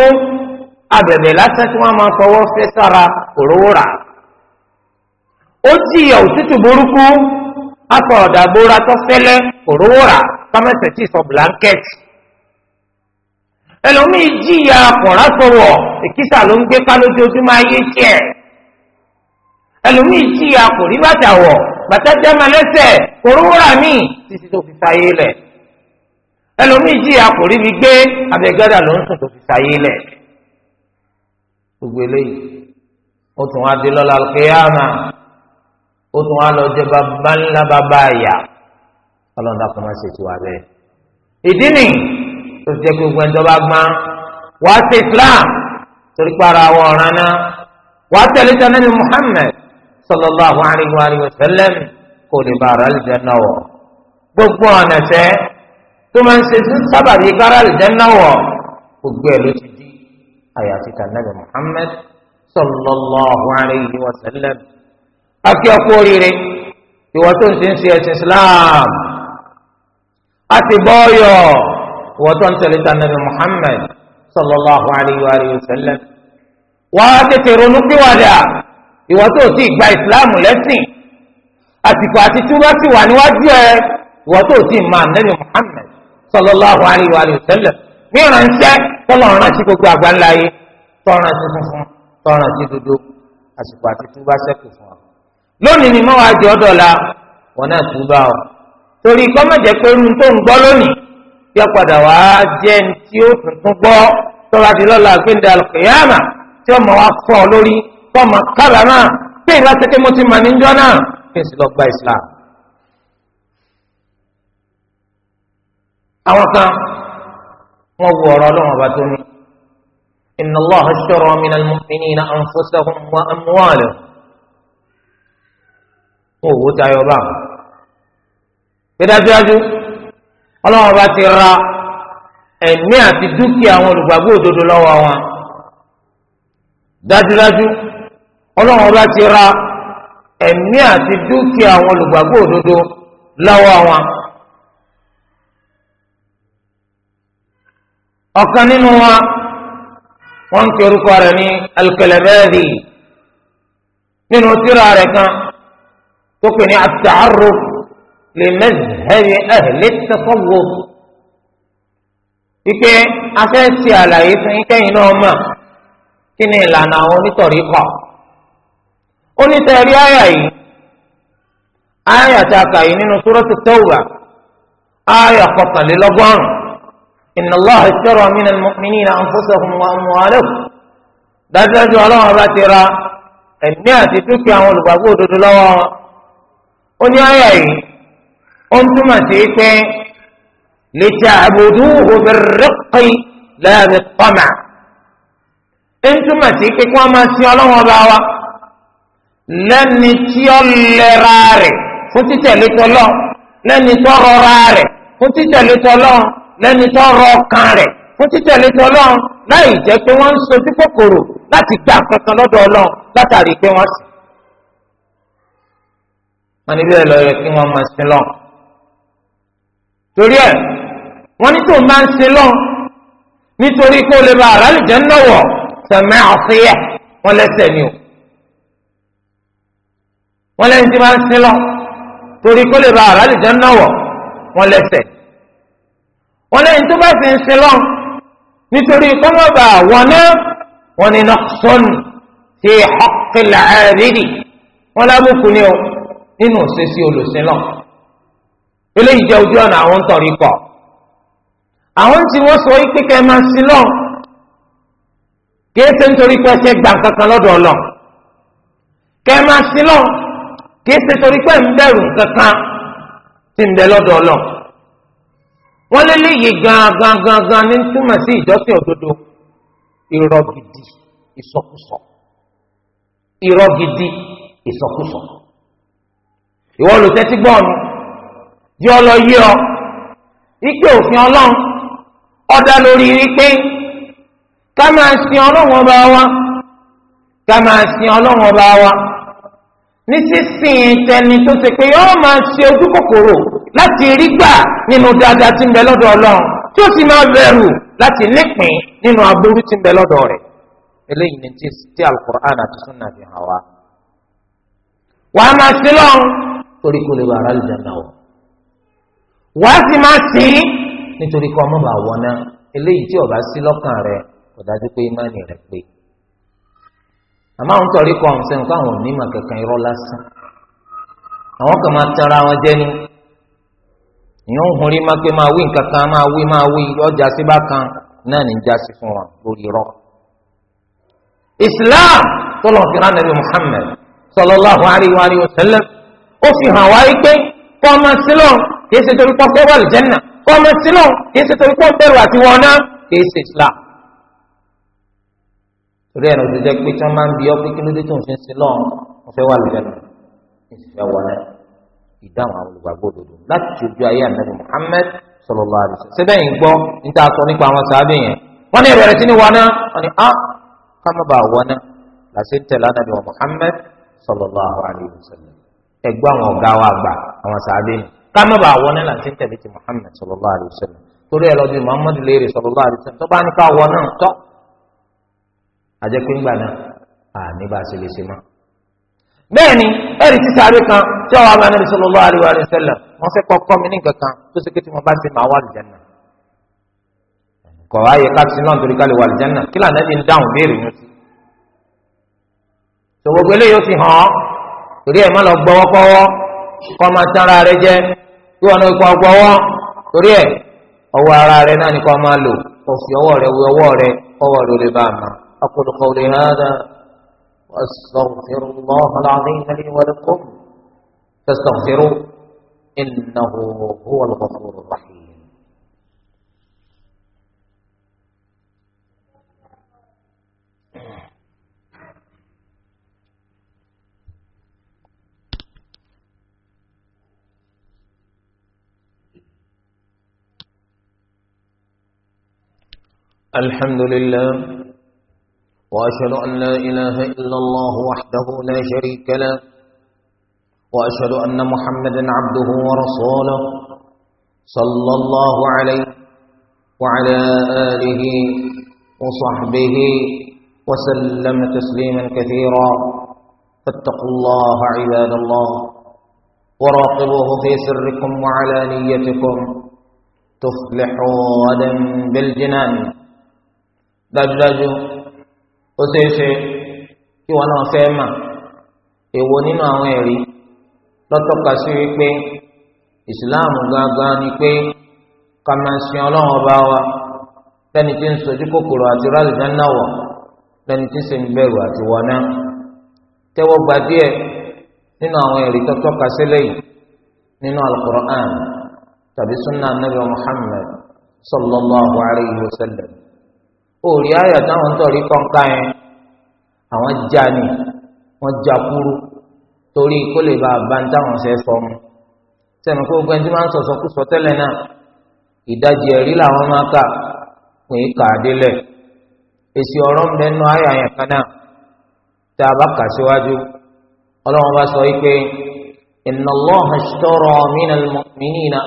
abẹ̀bẹ̀ lásán tí wọ́n máa fọwọ́ fẹ́ sára òróró rà ó jíyà òtútù burúkú akọ ọ̀dàgbóra tó fẹ́lẹ́ òróró rà kámẹ́sẹ̀ tí sọ blanketi ẹlòmíì jíyà sọ̀rọ̀ èkìsà ló ń gbé kálójoojúmọ́ ayé tiẹ̀ ẹlòmíì tí a kò rí bàtà wọ̀ bàtà jẹ́mọ lẹ́sẹ̀ kòrúwúrà míì títí tó fi sáyé lẹ̀ ẹlòmíì tí a kò rí mi gbé abẹ́gẹ́dà ló ń sùn tó fi sáyé lẹ̀ gbogbo eléyìí ó tún wá dé lọ́la kéámà ó tún wá lọ jẹ bàbá ńlá bàbá àyà ọlọ́dà kò má ṣe tiwa ìdí nì tó ti gbogbo ẹjọ́ bá gbọ́n wàá ṣe Islam torí pé ara wọn ọ̀ràn náà wàá tẹ̀lé sanani Muhammad sallallahu alaihi wa sallam kò lè bá ara àlùjánnà wọ̀ gbogbo ọ̀nà tẹ́ tó máa ń ṣe sábàbí kára àlùjánnà wọ̀ gbogbo ẹ̀ ló ti di àyàfi kànáàbì Muhammad sallallahu alaihi wa sallam akí ọkọ rere ìwọ tó ń ti ń ṣe ẹsìn Islam a ti bọ́ ọyọ ìwọ tó ń tẹ̀lé tànàbí Muhammad sallallahu alaihi wa sallam wàá tètè ronú pìwàdà ìwọ tó ti gba ìsìláàmù lẹ́sìn àsìkò àti túbọ̀ ti wà níwájú ẹ ìwọ tó ti mọ ànábì Muhammad sallallahu alayhi wa sallam ní ìrànṣẹ́ tọ́lọ̀ ránṣẹ́ gbogbo àgbáńlá yìí tọ́ránṣẹ́ funfun tọ́ránṣẹ́ dúdú àsìkò àti túbọ̀ sẹ́kù fún ọ. lónìí ni mọ́wàá jọ dọ̀la wọn náà túbọ̀ ọ torí kọ́mọ̀jẹ́ pé irun tó ń gbọ́ lónìí yọ padà wá jẹ́ ní tí ó fọmọ kálá náà pé ìlàsẹ̀ pé mo ti mà níjọ́ náà kí n sì lọ gba Islam. àwọn kan wọ́n wo ọ̀rọ̀ Ọlọ́run ọba tó ní. inna Allaha ashtara minal mu'minina anfusahum wa amwalahum. wọn ò wó tayọ bá wọn. gbẹdájúdájú Ọlọ́run ọba ti ra ẹ̀mí àti dúkìá àwọn olùgbàgbọ́ òdodo lọ́wọ́ wọn. dájúdájú ọlọ́run ọba ti ra ẹ̀mí àti dúkìá àwọn olùgbàgbọ́ òdodo lọ́wọ́ wọn. ọ̀kan nínú wa wọ́n ń pe orúkọ rẹ̀ ní alkalabadi nínú tírà rẹ̀ kan tó pè ní at-ta'arruf li mazhabi ahli at-tasawwuf wípé afẹ́ ṣe àlàyé fún yín náà mọ̀ kí ni ìlànà àwọn onítọ̀rí kọ̀ ó ní sẹ́ẹ̀rí àyà yìí àyà tá a kà yìí nínú Suratul Tawbah àyà kọkànlélọ́gọ́rùn Inna Allaha ishtara mina al-mu'minina anfusahum wa amwalahum dájúdájú ọlọ́run bá ti ra ẹ̀mí àti dúkìá àwọn olùgbàgbọ́ òdodo lọ́wọ́ wọn. ó ní àyà yìí ó ń túmọ̀ sí pé lè ti ta'buduhu bir-riqqi la ń túmọ̀ sí pé kí wọ́n máa sin ọlọ́run ọba wa lẹ́ni tí ó lẹ́ra rẹ̀ fún títẹ̀lé tọ́lọ́ lẹ́ni tó rọra rẹ̀ fún títẹ̀lé tọ́lọ́ lẹ́ni tó rọ kan rẹ̀ fún títẹ̀lé tọ́lọ́ láì jẹ́ pé wọ́n ń sojú kòkòrò láti gbà kankan lọ́dọ̀ ọlọ́run látàrí pé wọ́n sì. wọ́n níbẹ̀ lọ yẹ kí wọ́n máa sin lọ. torí ẹ̀ wọ́n ní tó máa ń sin lọ nítorí kó lè ba àrálìjẹ́ náwọ̀ tẹ̀mẹ́ àfẹ́yẹ̀ wọ́n lẹ́sẹ̀ ni o wọ́n lẹ́yìn tí máa ń sin lọ torí kó lè ba àràlìjọ náà wọ̀ wọ́n lẹ́sẹ̀ wọ́n lẹ́yìn tó bá sì ń sin lọ nítorí kọ́mọ́bà wọn náà wọ́n ní nọ́ọ̀sọ́nù ti ọ̀kìlà àrídì wọ́n lábùkù ni o nínú òṣèṣì olùsìn lọ eléyìí jẹ́ ojú ọ̀nà àwọn tọ̀rí kọ̀ àwọn tí wọ́n sọ yìí pípẹ́ máa sin lọ kìí ṣe nítorí pé ẹ fẹ́ gbà kankan lọ́dọ̀ ọlọ́ máa sin lọ́ọ̀ kìí ṣe torí pé ń bẹ̀rù kankan tí ń bẹ lọ́dọ̀ ọlọ́ wọ́n lé léyìí gangan gangan ní túmọ̀ sí ìjọsìn òdodo irọ́ gidi ìsọkúsọ irọ́ gidi ìsọkúsọ ìwọ olùtẹ́tí gbọ́ọ̀nù yọ ọ lọ yí ọ wípé òfin ọlọ́run ọ̀dà lórí wípé ká máa sin ọlọ́run ọba wa ká máa sin ọlọ́run ọba wa ní sísìn tẹni tó ṣe pé yọ́n máa ṣe ojú kòkòrò láti rí gbà nínú dáadáa tí ń bẹ lọ́dọ̀ ọlọ́run tí ó sì máa bẹ̀rù láti nípìn nínú aburú tí ń bẹ lọ́dọ̀ rẹ̀ eléyìí ni tí tí alukur'an àti sunna fi hàn wá. wàá máa sí lọ́run torí kò lè wà ará lùdà náà wàá sì máa sí nítorí kọ́ ọmọ bàá wọ̀ náà eléyìí tí ó sí lọ́kàn rẹ̀ kò dájú pé imáàni rẹ̀ pé àmọ́ àwọn tọ̀rí kọ́ ọ̀hún sẹ́yìn káwọn onímọ̀ kankan irọ́ lásán àwọn kan máa tẹ̀ra wọn jẹ́ ni ìyẹn ń hunrí máa pé máa wí nǹkan kan máa wí máa wí ọjà sí bákan náà ní jásí fún wọn lórí irọ́. Islam tọ́lọ̀ fi rán nàbí Muhammad sallallahu alaihi wa sallam ó fi hàn wáyé pé kọ́ ọmọ sílọ̀ kìí ṣe torí pọ́ fẹ́ wà lìjẹ́nà kọ́ ọmọ sílọ̀ kìí ṣe torí pọ́ bẹ̀rù àti wọ̀nà kìí ṣe Islam torí ẹnu tó jẹ pé tí wọn máa ń bi ọ pé kí ló dé tó ń fi ń sin lọ́n wọn fẹ́ wà lùfẹ́ ní ìsìnkú wọn náà ìdáhùn àwọn olùgbàgbọ́ òdodo láti ojú ayé ànábì Muhammad sallallahu alaihi wasallam síbẹ̀ yìí gbọ́ níta sọ nípa àwọn sábẹ́ yẹn wọ́n ní ìrọ̀lẹ́ tí ní wọn náà wọ́n ní ah ká má bàa wọn náà làṣẹ tẹ̀lé ànábì Muhammad sallallahu alaihi wasallam ẹgbẹ́ àwọn ọ̀gá wa gbà àwọn sábẹ́ yẹn Muhammad sallallahu alaihi wasallam torí ẹ lọ Muhammad léèrè sallallahu alaihi wasallam tó bá ní ká àjẹpẹ́ ńgbà náà àní bá a ṣe lè ṣe mọ́. bẹ́ẹ̀ ni ẹ̀rí ti sáré kan tí ọwọ́ abẹ́ Ànábì wọ́n fẹ́ kọ́kọ́ mi ní nǹkan kan tó ṣe pé tí wà kọ̀ ayé ká náà torí kí bí ń dáhùn hàn torí ẹ̀ má lọ kọ́ máa tán ara rẹ wọn torí ẹ̀ ọwọ́ ara rẹ náà kọ́ máa lò fi ọwọ́ rẹ ọwọ́ rẹ kọ́wọ́ أقول قولي هذا وأستغفر الله العظيم لي ولكم فاستغفروه إنه هو الغفور الرحيم الحمد لله وأشهد أن لا إله إلا الله وحده لا شريك له وأشهد أن محمدا عبده ورسوله صلى الله عليه وعلى آله وصحبه وسلم تسليما كثيرا فاتقوا الله عباد الله وراقبوه في سركم وعلانيتكم تفلحوا غدا بالجنان دجاجه ó ṣeé ṣe kí wọn náà fẹ́ mà èwo nínú àwọn ẹ̀rí lọ́tọ́ka sí wípé ìsìláàmù gangan ni pé ká ọlọ́run ọba wa lẹ́ni tí ń sojú kòkòrò àti rálìdá náà wọ̀ lẹ́ni tí ń ṣe ń bẹ̀rù àti wọ̀ tẹ́wọ́ gba díẹ̀ nínú àwọn ẹ̀rí tọ́tọ́ka sílẹ̀ yìí nínú alukur'an tàbí sunnah nabi muhammad sallallahu alayhi wa sallam òòrì ayọ̀ táwọn ń tọ̀rí kọ́ńká yẹn àwọn já ni wọ́n já kúrú torí kó lè bá a bá ń táwọn ṣe sọ mu sẹ́mi kó gbẹ́ tí máa ń sọ̀sọ́ kú sọ tẹ́lẹ̀ náà ìdajì ẹ̀rí làwọn máa kà pé kà á délẹ̀ èsì ọ̀rọ̀ ń bẹ nú ayọ̀ yẹn kan náà tá a bá kà síwájú ọlọ́run bá sọ wípé inna Allaha ishtara minal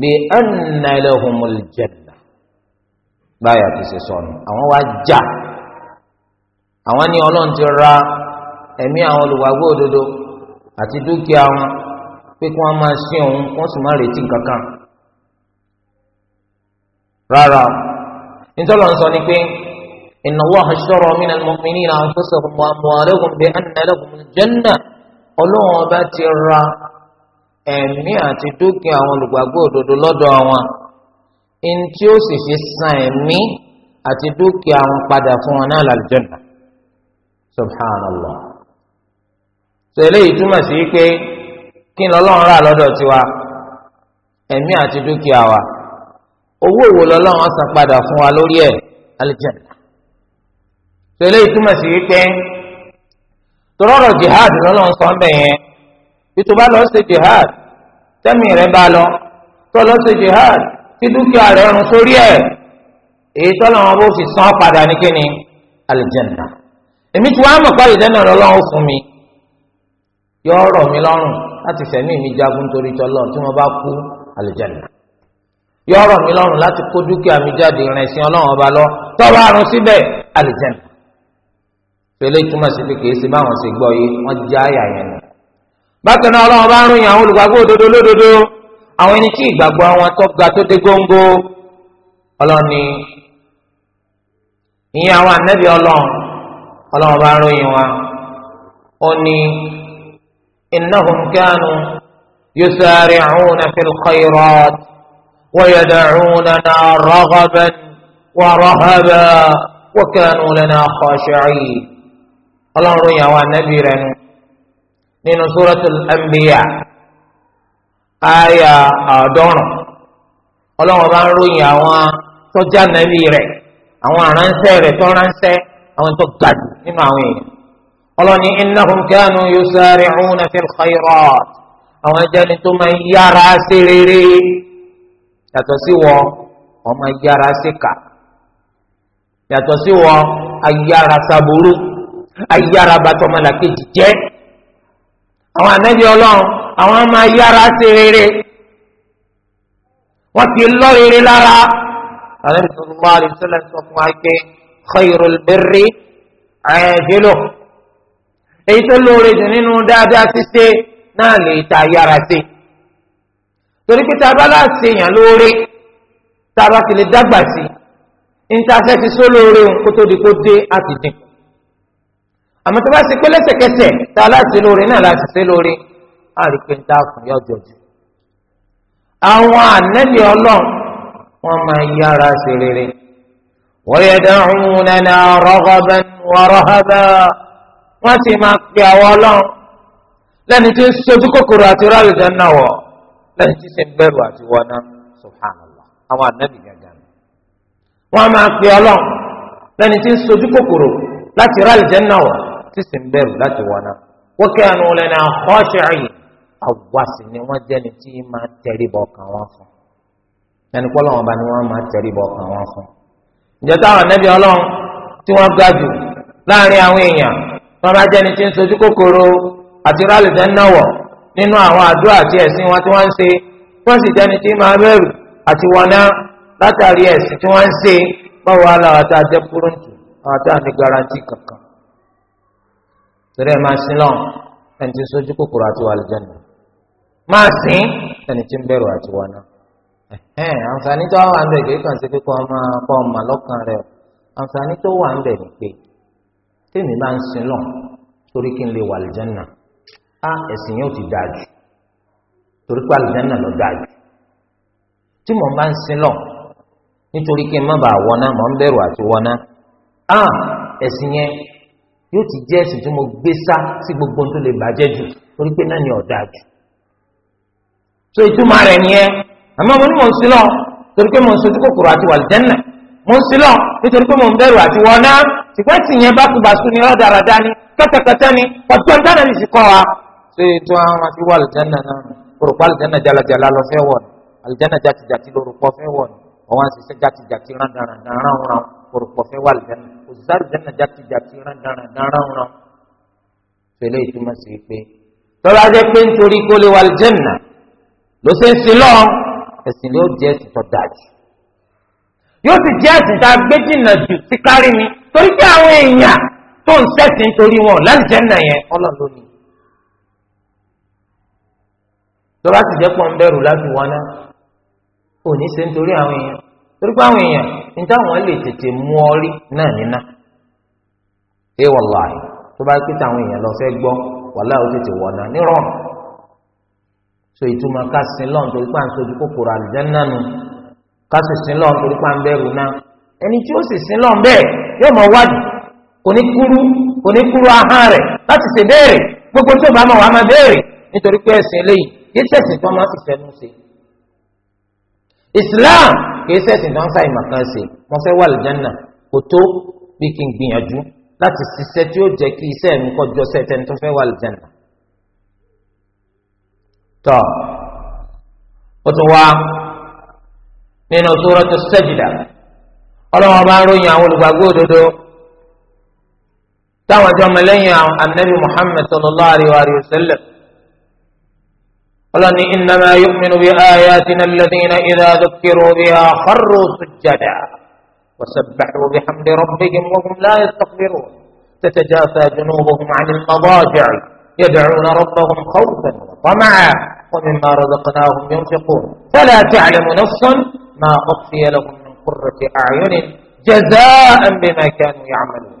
bí anna lahumul janna báyà ti ṣe sọnù àwọn wá já àwọn ní ọlọ́run ti ra ẹ̀mí àwọn olùwàgbọ́ òdodo àti dúkìá wọn pé kí wọ́n máa sin òun wọ́n sì máa retí kankan rárá nítorí wọn sọ ni pé inna Allaha ashtara minal mu'minina anfusahum wa amwalahum bi anna lahumul janna ọlọ́run ọba ti ra ẹ̀mí àti dúkìá àwọn olùgbàgbọ́ òdodo lọ́dọ̀ wọn ẹni tí ó sì fi san ẹ̀mí àti dúkìá wọn padà fún wọn náà làlùjọ́nà subhanallah tẹ̀lé ìtumọ̀ sí pé kí ni ọlọ́run rà lọ́dọ̀ tiwa ẹ̀mí àti dúkìá wa owó wo lọ́lọ́run san padà fún wa lórí ẹ̀ alìjẹ̀nà tẹ̀lé ìtumọ̀ sí pé tọ́rọ̀rọ̀ jihad lọ́lọ́run sọ ń bẹ̀ bí tó bá lọ ṣe jihad tẹ́mi rẹ̀ bá lọ tó lọ ṣe jihad tí dúkìá rẹ̀ rún sórí ẹ̀ èyí tọ́lọ̀ wọn bó fi san padà ní kíni alìjẹ̀nà èmi tí wàá mọ̀ pé alìjẹ̀nà lọ́lọ́run fún mi yọ ọ̀rọ̀ mi lọ́rùn láti fẹ̀mí mi jagun torí tọ́lọ̀ tí wọ́n bá kú alìjẹ̀nà yọ ọ̀rọ̀ mi lọ́rùn láti kó dúkìá mi jáde rìn sí ọlọ́run ọba lọ tọ́wọ́ àrùn síbẹ̀ alìjẹ̀nà pẹ̀lú ìtumọ̀ sí pé kìí ṣe báwọn ṣe gbọ́ yìí wọ́n já àyà yẹn nù bákan náà ọlọ́run bá ń ròyìn àwọn olùgbàgbọ́ òdodo lódodo àwọn ẹni tí ìgbàgbọ́ àwọn tó ga tó dé góńgó ọlọ́run ni ìyẹn àwọn ànábì ọlọ́run ọlọ́run bá ń ròyìn wọn ó ní innahum kanu yusari'una fil khayrat wa yad'unana raghaban wa rahaba wa kanu lana khashi'in ọlọ́run ròyìn àwọn ànábì rẹ̀ nù nínú suratul anbiya àyà àádọ́rùn ọlọ́wọ́n bá ń ròyìn àwọn tọ́jà nàbí rẹ̀ àwọn aránṣẹ́ rẹ̀ tó ránṣẹ́ àwọn tó ga jù nínú àwọn èèyàn ọlọ́ni innahum kanu yusari'una fil khayrat àwọn ẹjẹ́ni tó máa yára sí rere yàtọ̀ sí wọ ọmọ yára sí kà yàtọ̀ sí wọ ayára saburú ayára bàtọ́mọlàkejì jẹ́ àwọn ànábì ọlọ́run àwọn máa yára ṣe rere wọ́n ti lọ rere lára ànábì sallallahu alaihi wasallam sọ fún wa pé khairul birri àyẹ̀dẹ́lò èyí tó lóore jù nínú dáadáa ṣíṣe náà lè ta yára ṣe torí pé tábà láti èèyàn lóore tábà fi lè dàgbà sí i sólóore òun kó di kó dé àtìdínkù àmọ́ tó bá ṣe pé lẹ́sẹ̀kẹsẹ̀ tá a láti lórí náà láti ṣe lórí àrí pé ń dá fún yọjọ jù. àwọn ànẹ́bí ọlọ́run wọ́n máa ń yára ṣe rere. wa yad'unana raghaban wa rahaba wọ́n sì máa pe àwọn ọlọ́run lẹ́ni tí ń sojú kòkòrò àti ráàlùjọ náà wọ̀ lẹ́ni tí ń sin bẹ̀rù àti wọná subhanallah àwọn ànẹ́bí gàgàn. wọ́n máa pe ọlọ́run lẹ́ni tí ń sojú kòkòrò láti ráàlùjọ náà wọ̀ tí sì ń bẹ̀rù láti wọná wọ́n kí àánú lẹ́nu àkọ́ṣẹ́rì àwàsì ni wọ́n jẹ́ni tí máa tẹ̀rí bọ̀ kàn wọ́n fún ẹni pọ́ lọ́wọ́n bá ni wọ́n máa tẹ̀rí bọ̀ kàn wọ́n fún. ìjọ táwọn ànábì ọlọ́run tí wọ́n ga jù láàrin àwọn èèyàn wọ́n máa jẹ́ni tí ń sojú kòkòrò àti rálì tẹ́ náwọ̀ nínú àwọn àdúrà àti ẹ̀sìn wọn tí wọ́n ń ṣe wọ́n sì jẹ́ni tí máa bẹ̀rù àti wọná látàrí ẹ̀sìn tí wọ́n ń ṣe báwo aláwọ̀ tá a jẹ́ àwọn tá a garanti kankan torí ẹ máa sin náà ẹni tí ń sojú kòkòrò àti wàlìjẹnà máa sìn ẹni tí ń bẹ̀rù àti wọnà ẹhẹn àǹfààní tó wà ń bẹ kì í kàn sí pé kó ọmọ kó ọmọ lọ́kàn rẹ àǹfààní tó wà ń bẹ ni pé tèmi máa ń sin náà torí kí n lè wàlìjẹnà á ẹ̀sìn yóò ti dáa jù torí pé àlìjẹnà lọ dáa jù tí mò ń bá ń sin náà nítorí kí n má bàa wọnà mò ń bẹ̀rù àti wọnà á ẹ̀sìn yẹn yóò ti jẹ́ ẹ̀sìn tí mo gbé sá sí gbogbo ohun tó lè bàjẹ́ jù torí pé náà ni ọ̀dà jù. so ìtumọ̀ rẹ̀ nìyẹn àmọ́ mo ní mò ń sílọ̀ torí pé mò ń sojú kòkòrò àti wàlìjẹ́nà mo ń sílọ̀ nítorí pé mò ń bẹ̀rù àti wọ́n náà ṣùgbọ́n tí ìyẹn bá kúba sún ni rádaràdá ni kẹ́tẹ́kẹ́tẹ́ ni ọ̀dọ́ dáná ní ti kọ́ wa. so ètò àwọn àti wàlìjẹ́nà náà kòròpó àlìjẹ́nà jalajala lọ fẹ́ wọ̀ àlìjẹ́nà jatijati lórúkọ fẹ́ wọ̀ ọ̀wọ́n àṣìṣe jatijati rádaràdá ránran kòròpó fẹ́ wàlìjẹ́nà sáré jẹ́ náà jàtijàti rán dáran dáran rán tẹ̀lé ìtumọ̀ sí pé tọ́lá jẹ́ pé nítorí kó lè wà lẹ́jẹ̀nà ló ṣe ń sin lọ́ọ́ ẹ̀sìn ló jẹ́ ẹ̀sìn tó dájú yóò sì jẹ́ ẹ̀sìn tá a gbé jìnnà jù sí kárí mi torí pé àwọn èèyàn tó ń sẹ́sìn torí wọn lálùjẹ́nà yẹn ọlọ́run ló tọ́lá sì jẹ́ pọ̀ ń bẹ̀rù láti wọná òní ṣe nítorí àwọn èèyàn torí pé àwọn èèyàn níta wọn lè tètè mú ọ rí náà níná ẹ wàláhì tó bá pé àwọn èèyàn lọ fẹ́ gbọ wàláhì ó tètè wọ̀ náà nírọ̀rùn so ìtumọ̀ ká sin lọ́n torí pé à sojú kòkòrò àlùjá nu ká sì sin lọ́n torí pé à ń náà ẹni tí ó sì sin lọ́n bẹ́ẹ̀ yóò mọ wádìí kò ní kúrú kò láti ṣe gbogbo tó bá mọ̀ wàá máa béèrè nítorí pé ẹ̀sìn eléyìí yìí tẹ̀sìn tó máa fi fẹ́ mú sí i. islam kìí sẹ́sìn tó ń sa ìmọ̀ kan ṣe wọ́n fẹ́ wà lùjánà kò tó bí kí n gbìyànjú láti ṣiṣẹ́ tí ó jẹ́ kí iṣẹ́ mi kọjú ọṣẹ tẹni tó fẹ́ wà lùjánà. tọ́ ó tún wá nínú Suratu Sajda ọlọ́wọ́n bá ròyìn àwọn olùgbàgbọ́ òdodo táwọn ọjọ́ mọ́lẹ́yìn Ànábì Muhammad sallallahu alaihi wa sallam. قلن إنما يؤمن بآياتنا الذين إذا ذكروا بها خروا سجدا وسبحوا بحمد ربهم وهم لا يستغفرون تتجافى جنوبهم عن المضاجع يدعون ربهم خوفا وطمعا ومما رزقناهم ينفقون فلا تعلم نفسا ما أخفي لهم من قرة أعين جزاء بما كانوا يعملون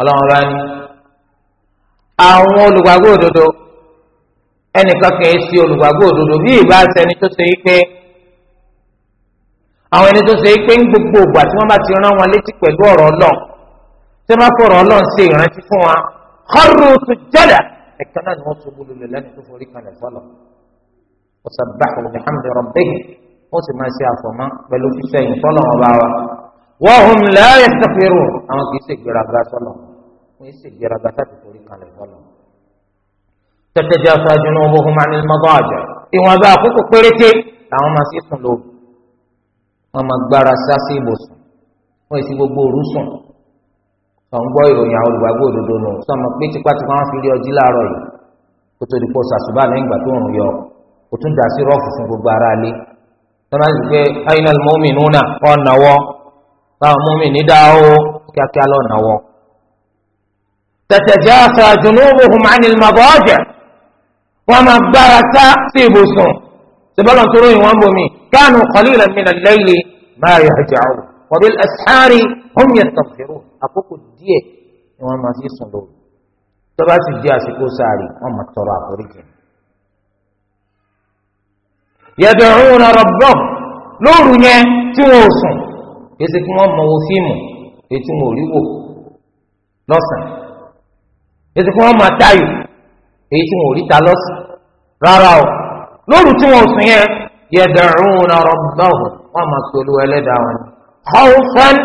الله أعلم أعمل وأقول ẹnìkan kìí sí olùgbàgbọ́ òdodo bí ìbá sẹni tó ṣe pé àwọn ẹni tó ṣe pé ń gbogbo ògbà tí wọ́n bá ti rán wọn létí pẹ̀lú ọ̀rọ̀ Ọlọ́run tí bá fọ̀rọ̀ Ọlọ́run ṣe ìrántí fún wa kharru sujjada ẹ̀ka náà ni wọ́n ṣubú lulẹ̀ lẹ́nu tó forí kalẹ̀ fọlọ̀ wasabbahu bá àwọn kìí tẹtẹjáfà junubuhum anil madaja ìwọ̀nba àkókò péréte làwọn máa sì sùn lóru wọn máa gbára sásì ìbòsùn wọn èsì gbogbo òru sùn wọn gbọ́ ìròyìn àwọn olùgbàgbọ́ òdodo nù sọmọ pé tipátipá wọn fi rí ọjí láàárọ̀ yìí kó tó di pọ sàṣùbà lẹ́yìn ìgbà tó rùn yọ kó tún dà sí fún gbogbo ara lé tọ́lá ti pé ainal mu'minuna kọ́ nàwọ́ wọ́n máa gbára sá sí ibùsùn ṣùgbọ́n tó ròyìn wọn bomi kánú qalilan min al-layli ma yahja'un wa bil ashari hum yastaghfirun àkókò díẹ̀ ni wọ́n máa fi sùn lóru tó bá di àsìkò sáré wọ́n máa tọrọ àforíjì. yad'una rabbahum lóru yẹn tí wọn ò sùn kìí kí wọ́n mọ fíìmù èyí tí wọn ò rí wò lọ́sàn-án kí wọ́n máa táyò èyí tí wọn ò rí ta lọ́sàn rárá o lóru tí wọn ò sùn yẹn yad'una rabbahum wọn máa pe olúwa ẹlẹ́dàá wọn khawfan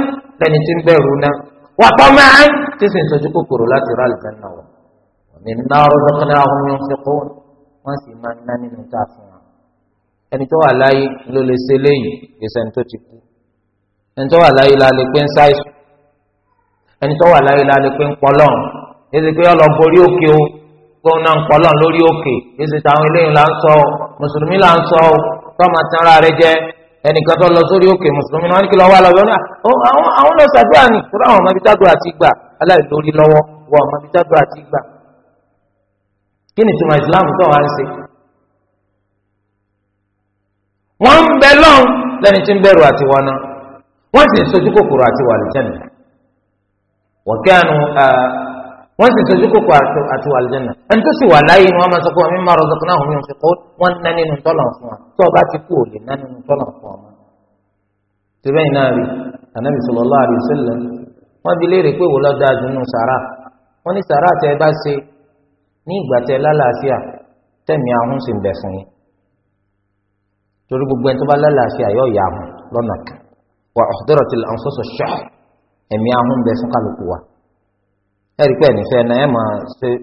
lẹni tí ń bẹ̀rù náà wa tama'an tí sì ń sojú kòkòrò láti rà lẹ́sẹ̀ náà wọn. mimma razaqnahum yunfiqun wọn sì máa ń ná nínú tá fún wọn. ẹni tó wà láyé ló lè ṣe léyìí gbèsè ẹni tó ti kú ẹni tó wà láyé la lè pé ń ṣàìsàn ẹni tó wà láyé la lè pé ń pọlọ́ọ̀ kó náà ń pọlọ lórí òkè èsì táwọn eléyìí là ń sọ ọ mùsùlùmí là ń sọ ọ tọ́mọ tanra rẹ jẹ ẹnìkan tó lọ sórí òkè mùsùlùmí náà wọn ní kí lọ wá lọ bẹ náà àwọn àwọn lọ sàdúrà ní kúrò àwọn ọmọbi tá àdúrà ti gbà aláìlórí lọ́wọ́ wọ ọmọbi tá àdúrà ti gbà kí ni tìmọ̀ Islam tó wá ń ṣe. wọ́n ń bẹ lọ́n lẹ́ni tí ń bẹ̀rù àti wọn wọ́n sì ń sojú kòkòrò àti wàlùjẹ́ni wọ́n kẹ́ wọ́n sì sojú kókó àti wà lẹ́nà ẹni tó sì wà láàyè ni wọ́n máa sọ pé wọ́n mi máa rọ̀ṣọ́ náà wọ́n fi kó wọ́n ná nínú tọ́lọ̀ fún wa tó o bá ti kú ò lè ná nínú tọ́lọ̀ fún ọmọ. tìrẹ́ iná rí anabi sallallahu alaihi wasallam wọ́n bi léèrè pé wò ló dáa sàrà wọ́n ní sàrà tẹ́ ẹ bá ṣe ní ìgbà tẹ́ lálàáfíà tẹ̀mí ahun sì bẹ̀ fún yín torí gbogbo ẹni ẹ̀rí pé ẹ̀nìfẹ́ ẹ̀ náà ẹ̀ máa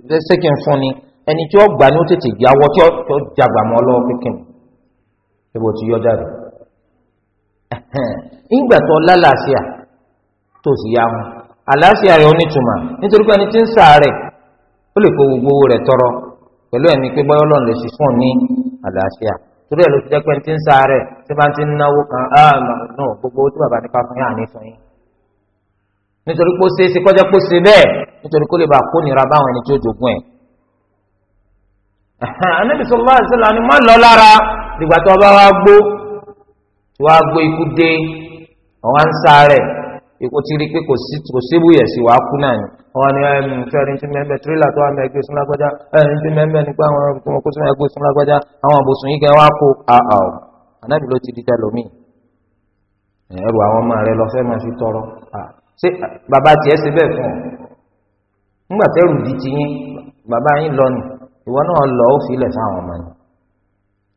ṣe ṣé kí n fún ni ẹni tí ó gbà ní ó tètè yàwọ́ tí ó jagbà mọ́ lọ́wọ́ kékin ṣé bó ti yọ jáde ìgbà tó lálàáfíà tó sì yá wọn àlàáfíà rẹ̀ onítùmọ̀ nítorí pé ẹni tí ń sàárẹ̀ ó lè kó gbogbo rẹ̀ tọrọ pẹ̀lú ẹ̀mí pé bọ́yọ́ lọ́nà lè sì fún ní àlàáfíà torí ẹ̀ ló ti jẹ́ ẹni tí ń sàárẹ̀ tí bá ti náwó kan ah, gbogbo tí bàbá nípa fún yà nítorí pé ó ṣeé ṣe kọjá pé ó ṣe bẹ́ẹ̀ nítorí kó lè bá kó nira báwọn ẹni tí ó jogún ẹ̀. anabi sọlá àṣìlá ni má lọ lára dìgbà tó bá wá gbó tó wá gbó ikú dé ọ̀wá ń sáré ikú ti rí pé kò síbú yẹ̀ sí wàá kú náà ni wọn ni ẹni fẹrin tí mẹmẹ tirila tó wà mẹ gbé sunlágbájá ẹni tí mẹmẹ nípa àwọn ọmọkùnrin tó wà gbé sunlágbájá àwọn àbòsùn yìí gan wá kó àà ọ anabi ló ti di tẹlómìn ẹrù àwọn ọmọ rẹ lọ fẹ́ máa fi tọrọ ṣé bàbá tiẹ̀ ṣe bẹ́ẹ̀ fún ọ nígbà tẹ́rù di ti yín bàbá yín lọ nì ìwọ náà lọ ó filẹ̀ fáwọn ọmọ yín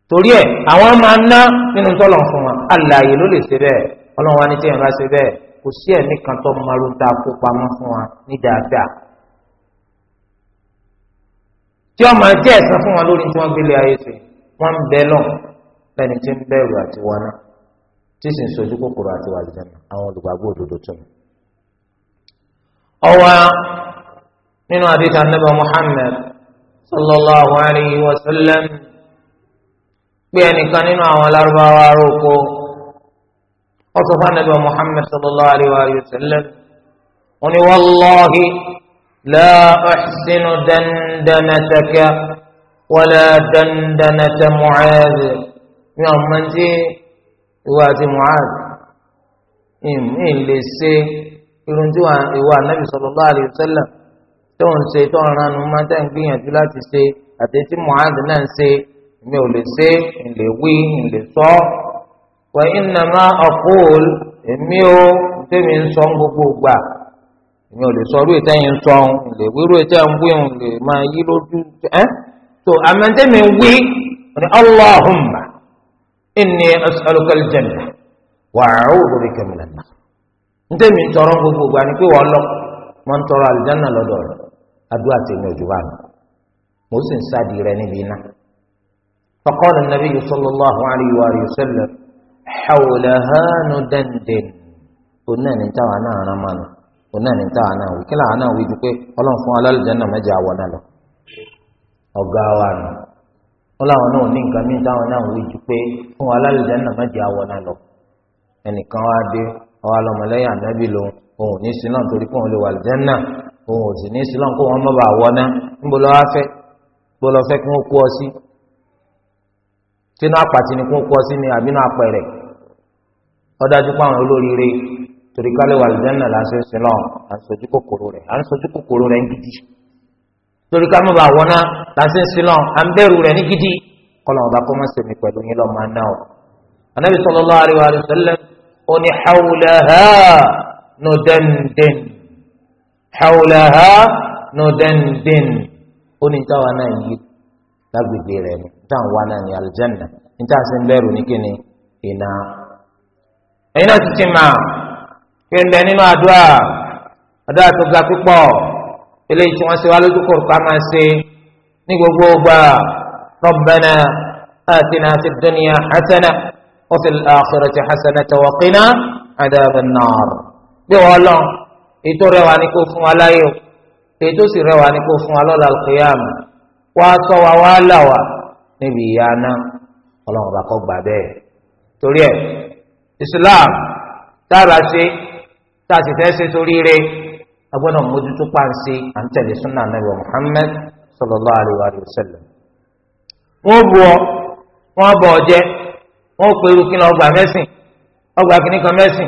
torí ẹ̀ àwọn máa ná nínú tọ́lọ̀ fún wa alààyè ló lè ṣe bẹ́ẹ̀ ọlọ́run wa ní tí yẹn bá ṣe bẹ́ẹ̀ kò sí ẹ̀mí kan tó máa ń ta kó pamọ́ fún wa ní dáadáa tí ọmọ jẹ́ ẹ̀san fún wa lórí tí wọ́n gbélé ayé ṣe wọ́n ń bẹ lọ lẹ́ni tí ń bẹ̀rù àti wọná tí sì ń sojú kòkòrò àti wàlìjẹ́nà àwọn olùgbàgbọ́ nínú àdìsí anábà Muhammad sallallahu alayhi wa sallam pé ẹnìkan nínú àwọn alárúbáwá aróko wọ́n sọ fún anábà Muhammad sallallahu alayhi wa sallam wọ́n ní wàllọ́hì la axsinu dandanataka wala dandanata Mu'adh ní ọmọ tí ìwà àti Mu'adh ìmí lè ṣe irun tí ìwà anábì sallallahu alayhi wa sallam. tó ń ṣe tó ń ranu máa tẹ́ ń gbìyànjú láti ṣe àti tí Mu'adh náà ń ṣe mi ò lè ṣe ń lè wí ń lè sọ. wa innama aqul èmi ò tẹ́mi ń sọ gbogbo gbà èmi ò lè sọ orí ìtẹ́yìn ń sọ ń lè wí orí ìtẹ́yìn ń wí ń lè máa yí lójú ẹ́ tó àmọ́tẹ́mi wí ni Allahumma inni as'aluka jannah wa a'udhu bika minan nar. ntẹ́mi ń tọrọ gbogbo gbà ni pé lọ ń tọrọ lọ́dọ̀ rẹ̀. adúlá tèmi ò jù bá mi mo sì ń sáàdì rẹ níbi iná. فقال النبي صلى الله عليه وآله وسلم حولها ندندن قلنا ننتهى عنها أنا مانا قلنا ننتهى عنها وكلا عنها ويجوك الله فوق على الجنة ما جاء ولا له ọ̀gá wa nù wọn làwọn náà ní nǹkan mí táwọn náà wí ju pé fún wa lálùjá náà má jẹ àwọn náà lọ ẹnìkan wá dé ọwọ́ alọmọlẹ́yìn ànábì lòun òun ní sinú àtòrí pé òun lè wà lùjá náà òun ò sì ní sílọ̀ kó wọn má bàa wọná níbo lọ́ wá fẹ́ níbo lọ́ fẹ́ kí wọ́n kú ọ sí sínú apàtì ni kí wọ́n kú ọ sí ni àbínú apẹ̀rẹ̀ ọ̀dájú pé àwọn olóríire torí kálí wà lùdánà láti ń sílọ̀ à kòkòrò rẹ̀ hawlaha nudandin ó ní táwa náà yí lágbègbè rẹ̀ ni táwọn wà náà ní aljanna ní táwọn sì ń bẹ̀rù ní kíni iná. ẹ̀yin náà ti ti mà kí n bẹ nínú àdúrà àdúrà tó ga púpọ̀ eléyìí tí wọ́n ṣe wá lójú kòrò ká máa ṣe ní gbogbo ọgbà rabbana atina fid dunya hasana wa fil akhirati hasana wa qina adhaban nar bí wọ́n lọ́n. ètò rẹwà ni kó fún wa láyé o ètò sì rẹwà ni kó fún wa lọ́la wa wá là wa níbi ìyá náà ọlọ́run bá kọ́ gbà torí islam tára ṣe tá a sì fẹ́ ṣe torí rẹ agbọ́dọ̀ mójútó pàǹsí à ń tẹ̀lé sunnah ọ wọ́n bọ̀ ọ jẹ́ wọ́n pe irú kí ni ọgbà mẹ́sìn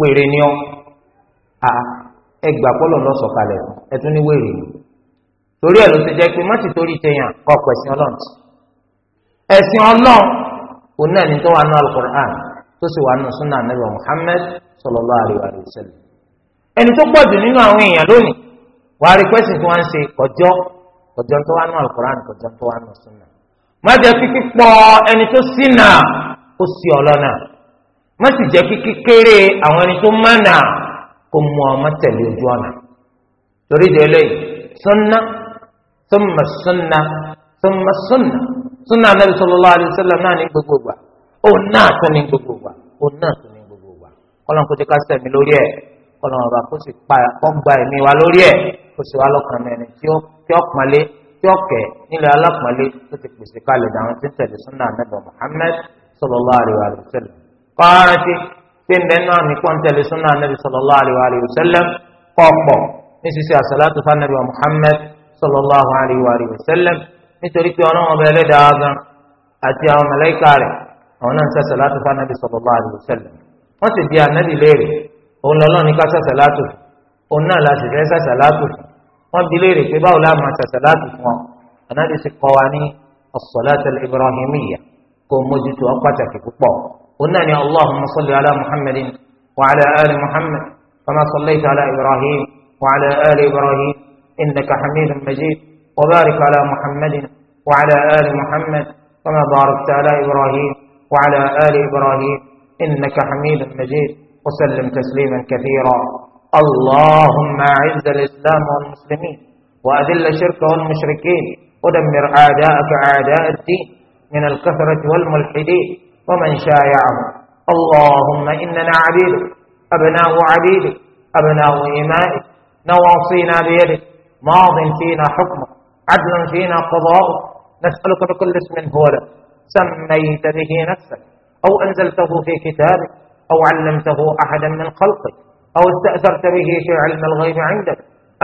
wèrè ni ọ a ẹgbà pọlọ lọ sọ̀kalẹ̀ ẹ tún ní wèrè ni torí ẹ ló ti jẹ pé má ti torí tẹyàn kọ pẹsìn Ọlọ́run ẹsìn Ọlọ́run òun náà ní tó wà nù alukur'an tó sì wà nù sunna anabi Muhammad sallallahu alaihi wa sallam ẹni tó pọ̀jù nínú àwọn èèyàn lónìí wàá rí pẹ́sìn tí wọ́n ń ṣe kọjọ́ kọjọ́ tó wà nù alukur'an kọjọ́ tó wà nù sunna má jẹ́ kí pípọ̀ ẹni tó sínà ó sì ọlọ́nà má sì jẹ́ kí kékeré àwọn ẹni tó mánà kó mú ọmọ tẹ̀lé ojú ọ̀nà torí délé sunna thumma sunna thumma sunna sunna anabi sallallahu alaihi wasallam náà ní gbogbo gbà òun náà tún ní gbogbo gbà òun náà tún ní gbogbo gbà kọ́lọ́n kó ti ká sẹ̀mí lórí ẹ̀ kọ́lọ́n ọba kó sì pa ọgbà ẹ̀mí wa lórí ẹ̀ kó sì wá lọ́kàn mẹ́rin tí ó pọ́nlé tí ó kẹ̀ nílẹ̀ alápọ̀nlé tó ti pèsè kalẹ̀ dáhùn tí ń tẹ̀lé sunna anabi muhammad sallallahu alaihi wasallam kọ́rántí pé ń bẹ náà ní pọ́ńtẹ́lẹ̀ súnà anabi sallallahu alayhi wa sallam kọ́pọ̀ ní sísè àsàlátù fanabi wa muhammed sallallahu alayhi wa sallam nítorí pé ọlọ́run ọba ẹlẹ́dàá gan àti àwọn mẹlẹ́kà rẹ̀ àwọn náà ń sẹ́ àsàlátù fanabi sallallahu alayhi wa sallam wọ́n sì di anabi léèrè òun lọ́lọ́run ní ká sẹ́ àsàlátù òun náà la sì fẹ́ sẹ́ àsàlátù wọ́n bi léèrè pé báwo láàmú sẹ́ fún ọ anabi sì kọ́ wa ní قلنا يا اللهم صل على محمد وعلى آل محمد كما صليت على إبراهيم وعلى آل إبراهيم إنك حميد مجيد وبارك على محمد وعلى آل محمد كما باركت على إبراهيم وعلى آل إبراهيم إنك حميد مجيد وسلم تسليما كثيرا اللهم أعز الإسلام والمسلمين وأذل الشرك والمشركين ودمر أعداءك أعداء الدين من الكثرة والملحدين ومن شايعهم اللهم إننا عبيدك أبناء عبيدك أبناء إمائك نواصينا بيدك ماض فينا حكمك عدل فينا قضاؤك نسألك بكل اسم هو لك سميت به نفسك أو أنزلته في كتابك أو علمته أحدا من خلقك أو استأثرت به في علم الغيب عندك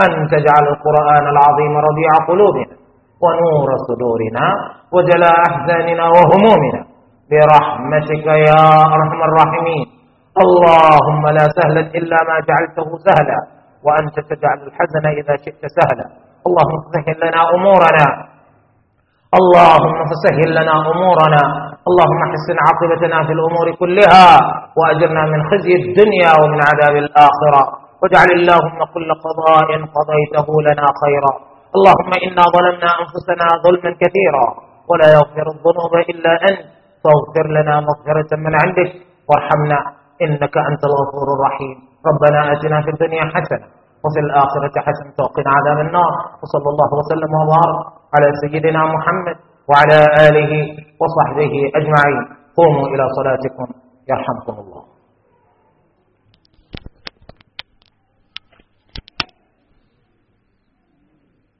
أن تجعل القرآن العظيم ربيع قلوبنا ونور صدورنا وجلاء أحزاننا وهمومنا برحمتك يا أرحم الراحمين اللهم لا سهلا إلا ما جعلته سهلا وأنت تجعل الحزن إذا شئت سهلا اللهم سهل لنا أمورنا اللهم فسهل لنا أمورنا اللهم حسن عاقبتنا في الأمور كلها وأجرنا من خزي الدنيا ومن عذاب الآخرة واجعل اللهم كل قضاء قضيته لنا خيرا اللهم إنا ظلمنا أنفسنا ظلما كثيرا ولا يغفر الذنوب إلا أنت فاغفر لنا مغفرة من عندك وارحمنا إنك أنت الغفور الرحيم ربنا أتنا في الدنيا حسنة وفي الآخرة حسنة وقنا عذاب النار وصلى الله وسلم وبارك على سيدنا محمد وعلى آله وصحبه أجمعين قوموا إلى صلاتكم يرحمكم الله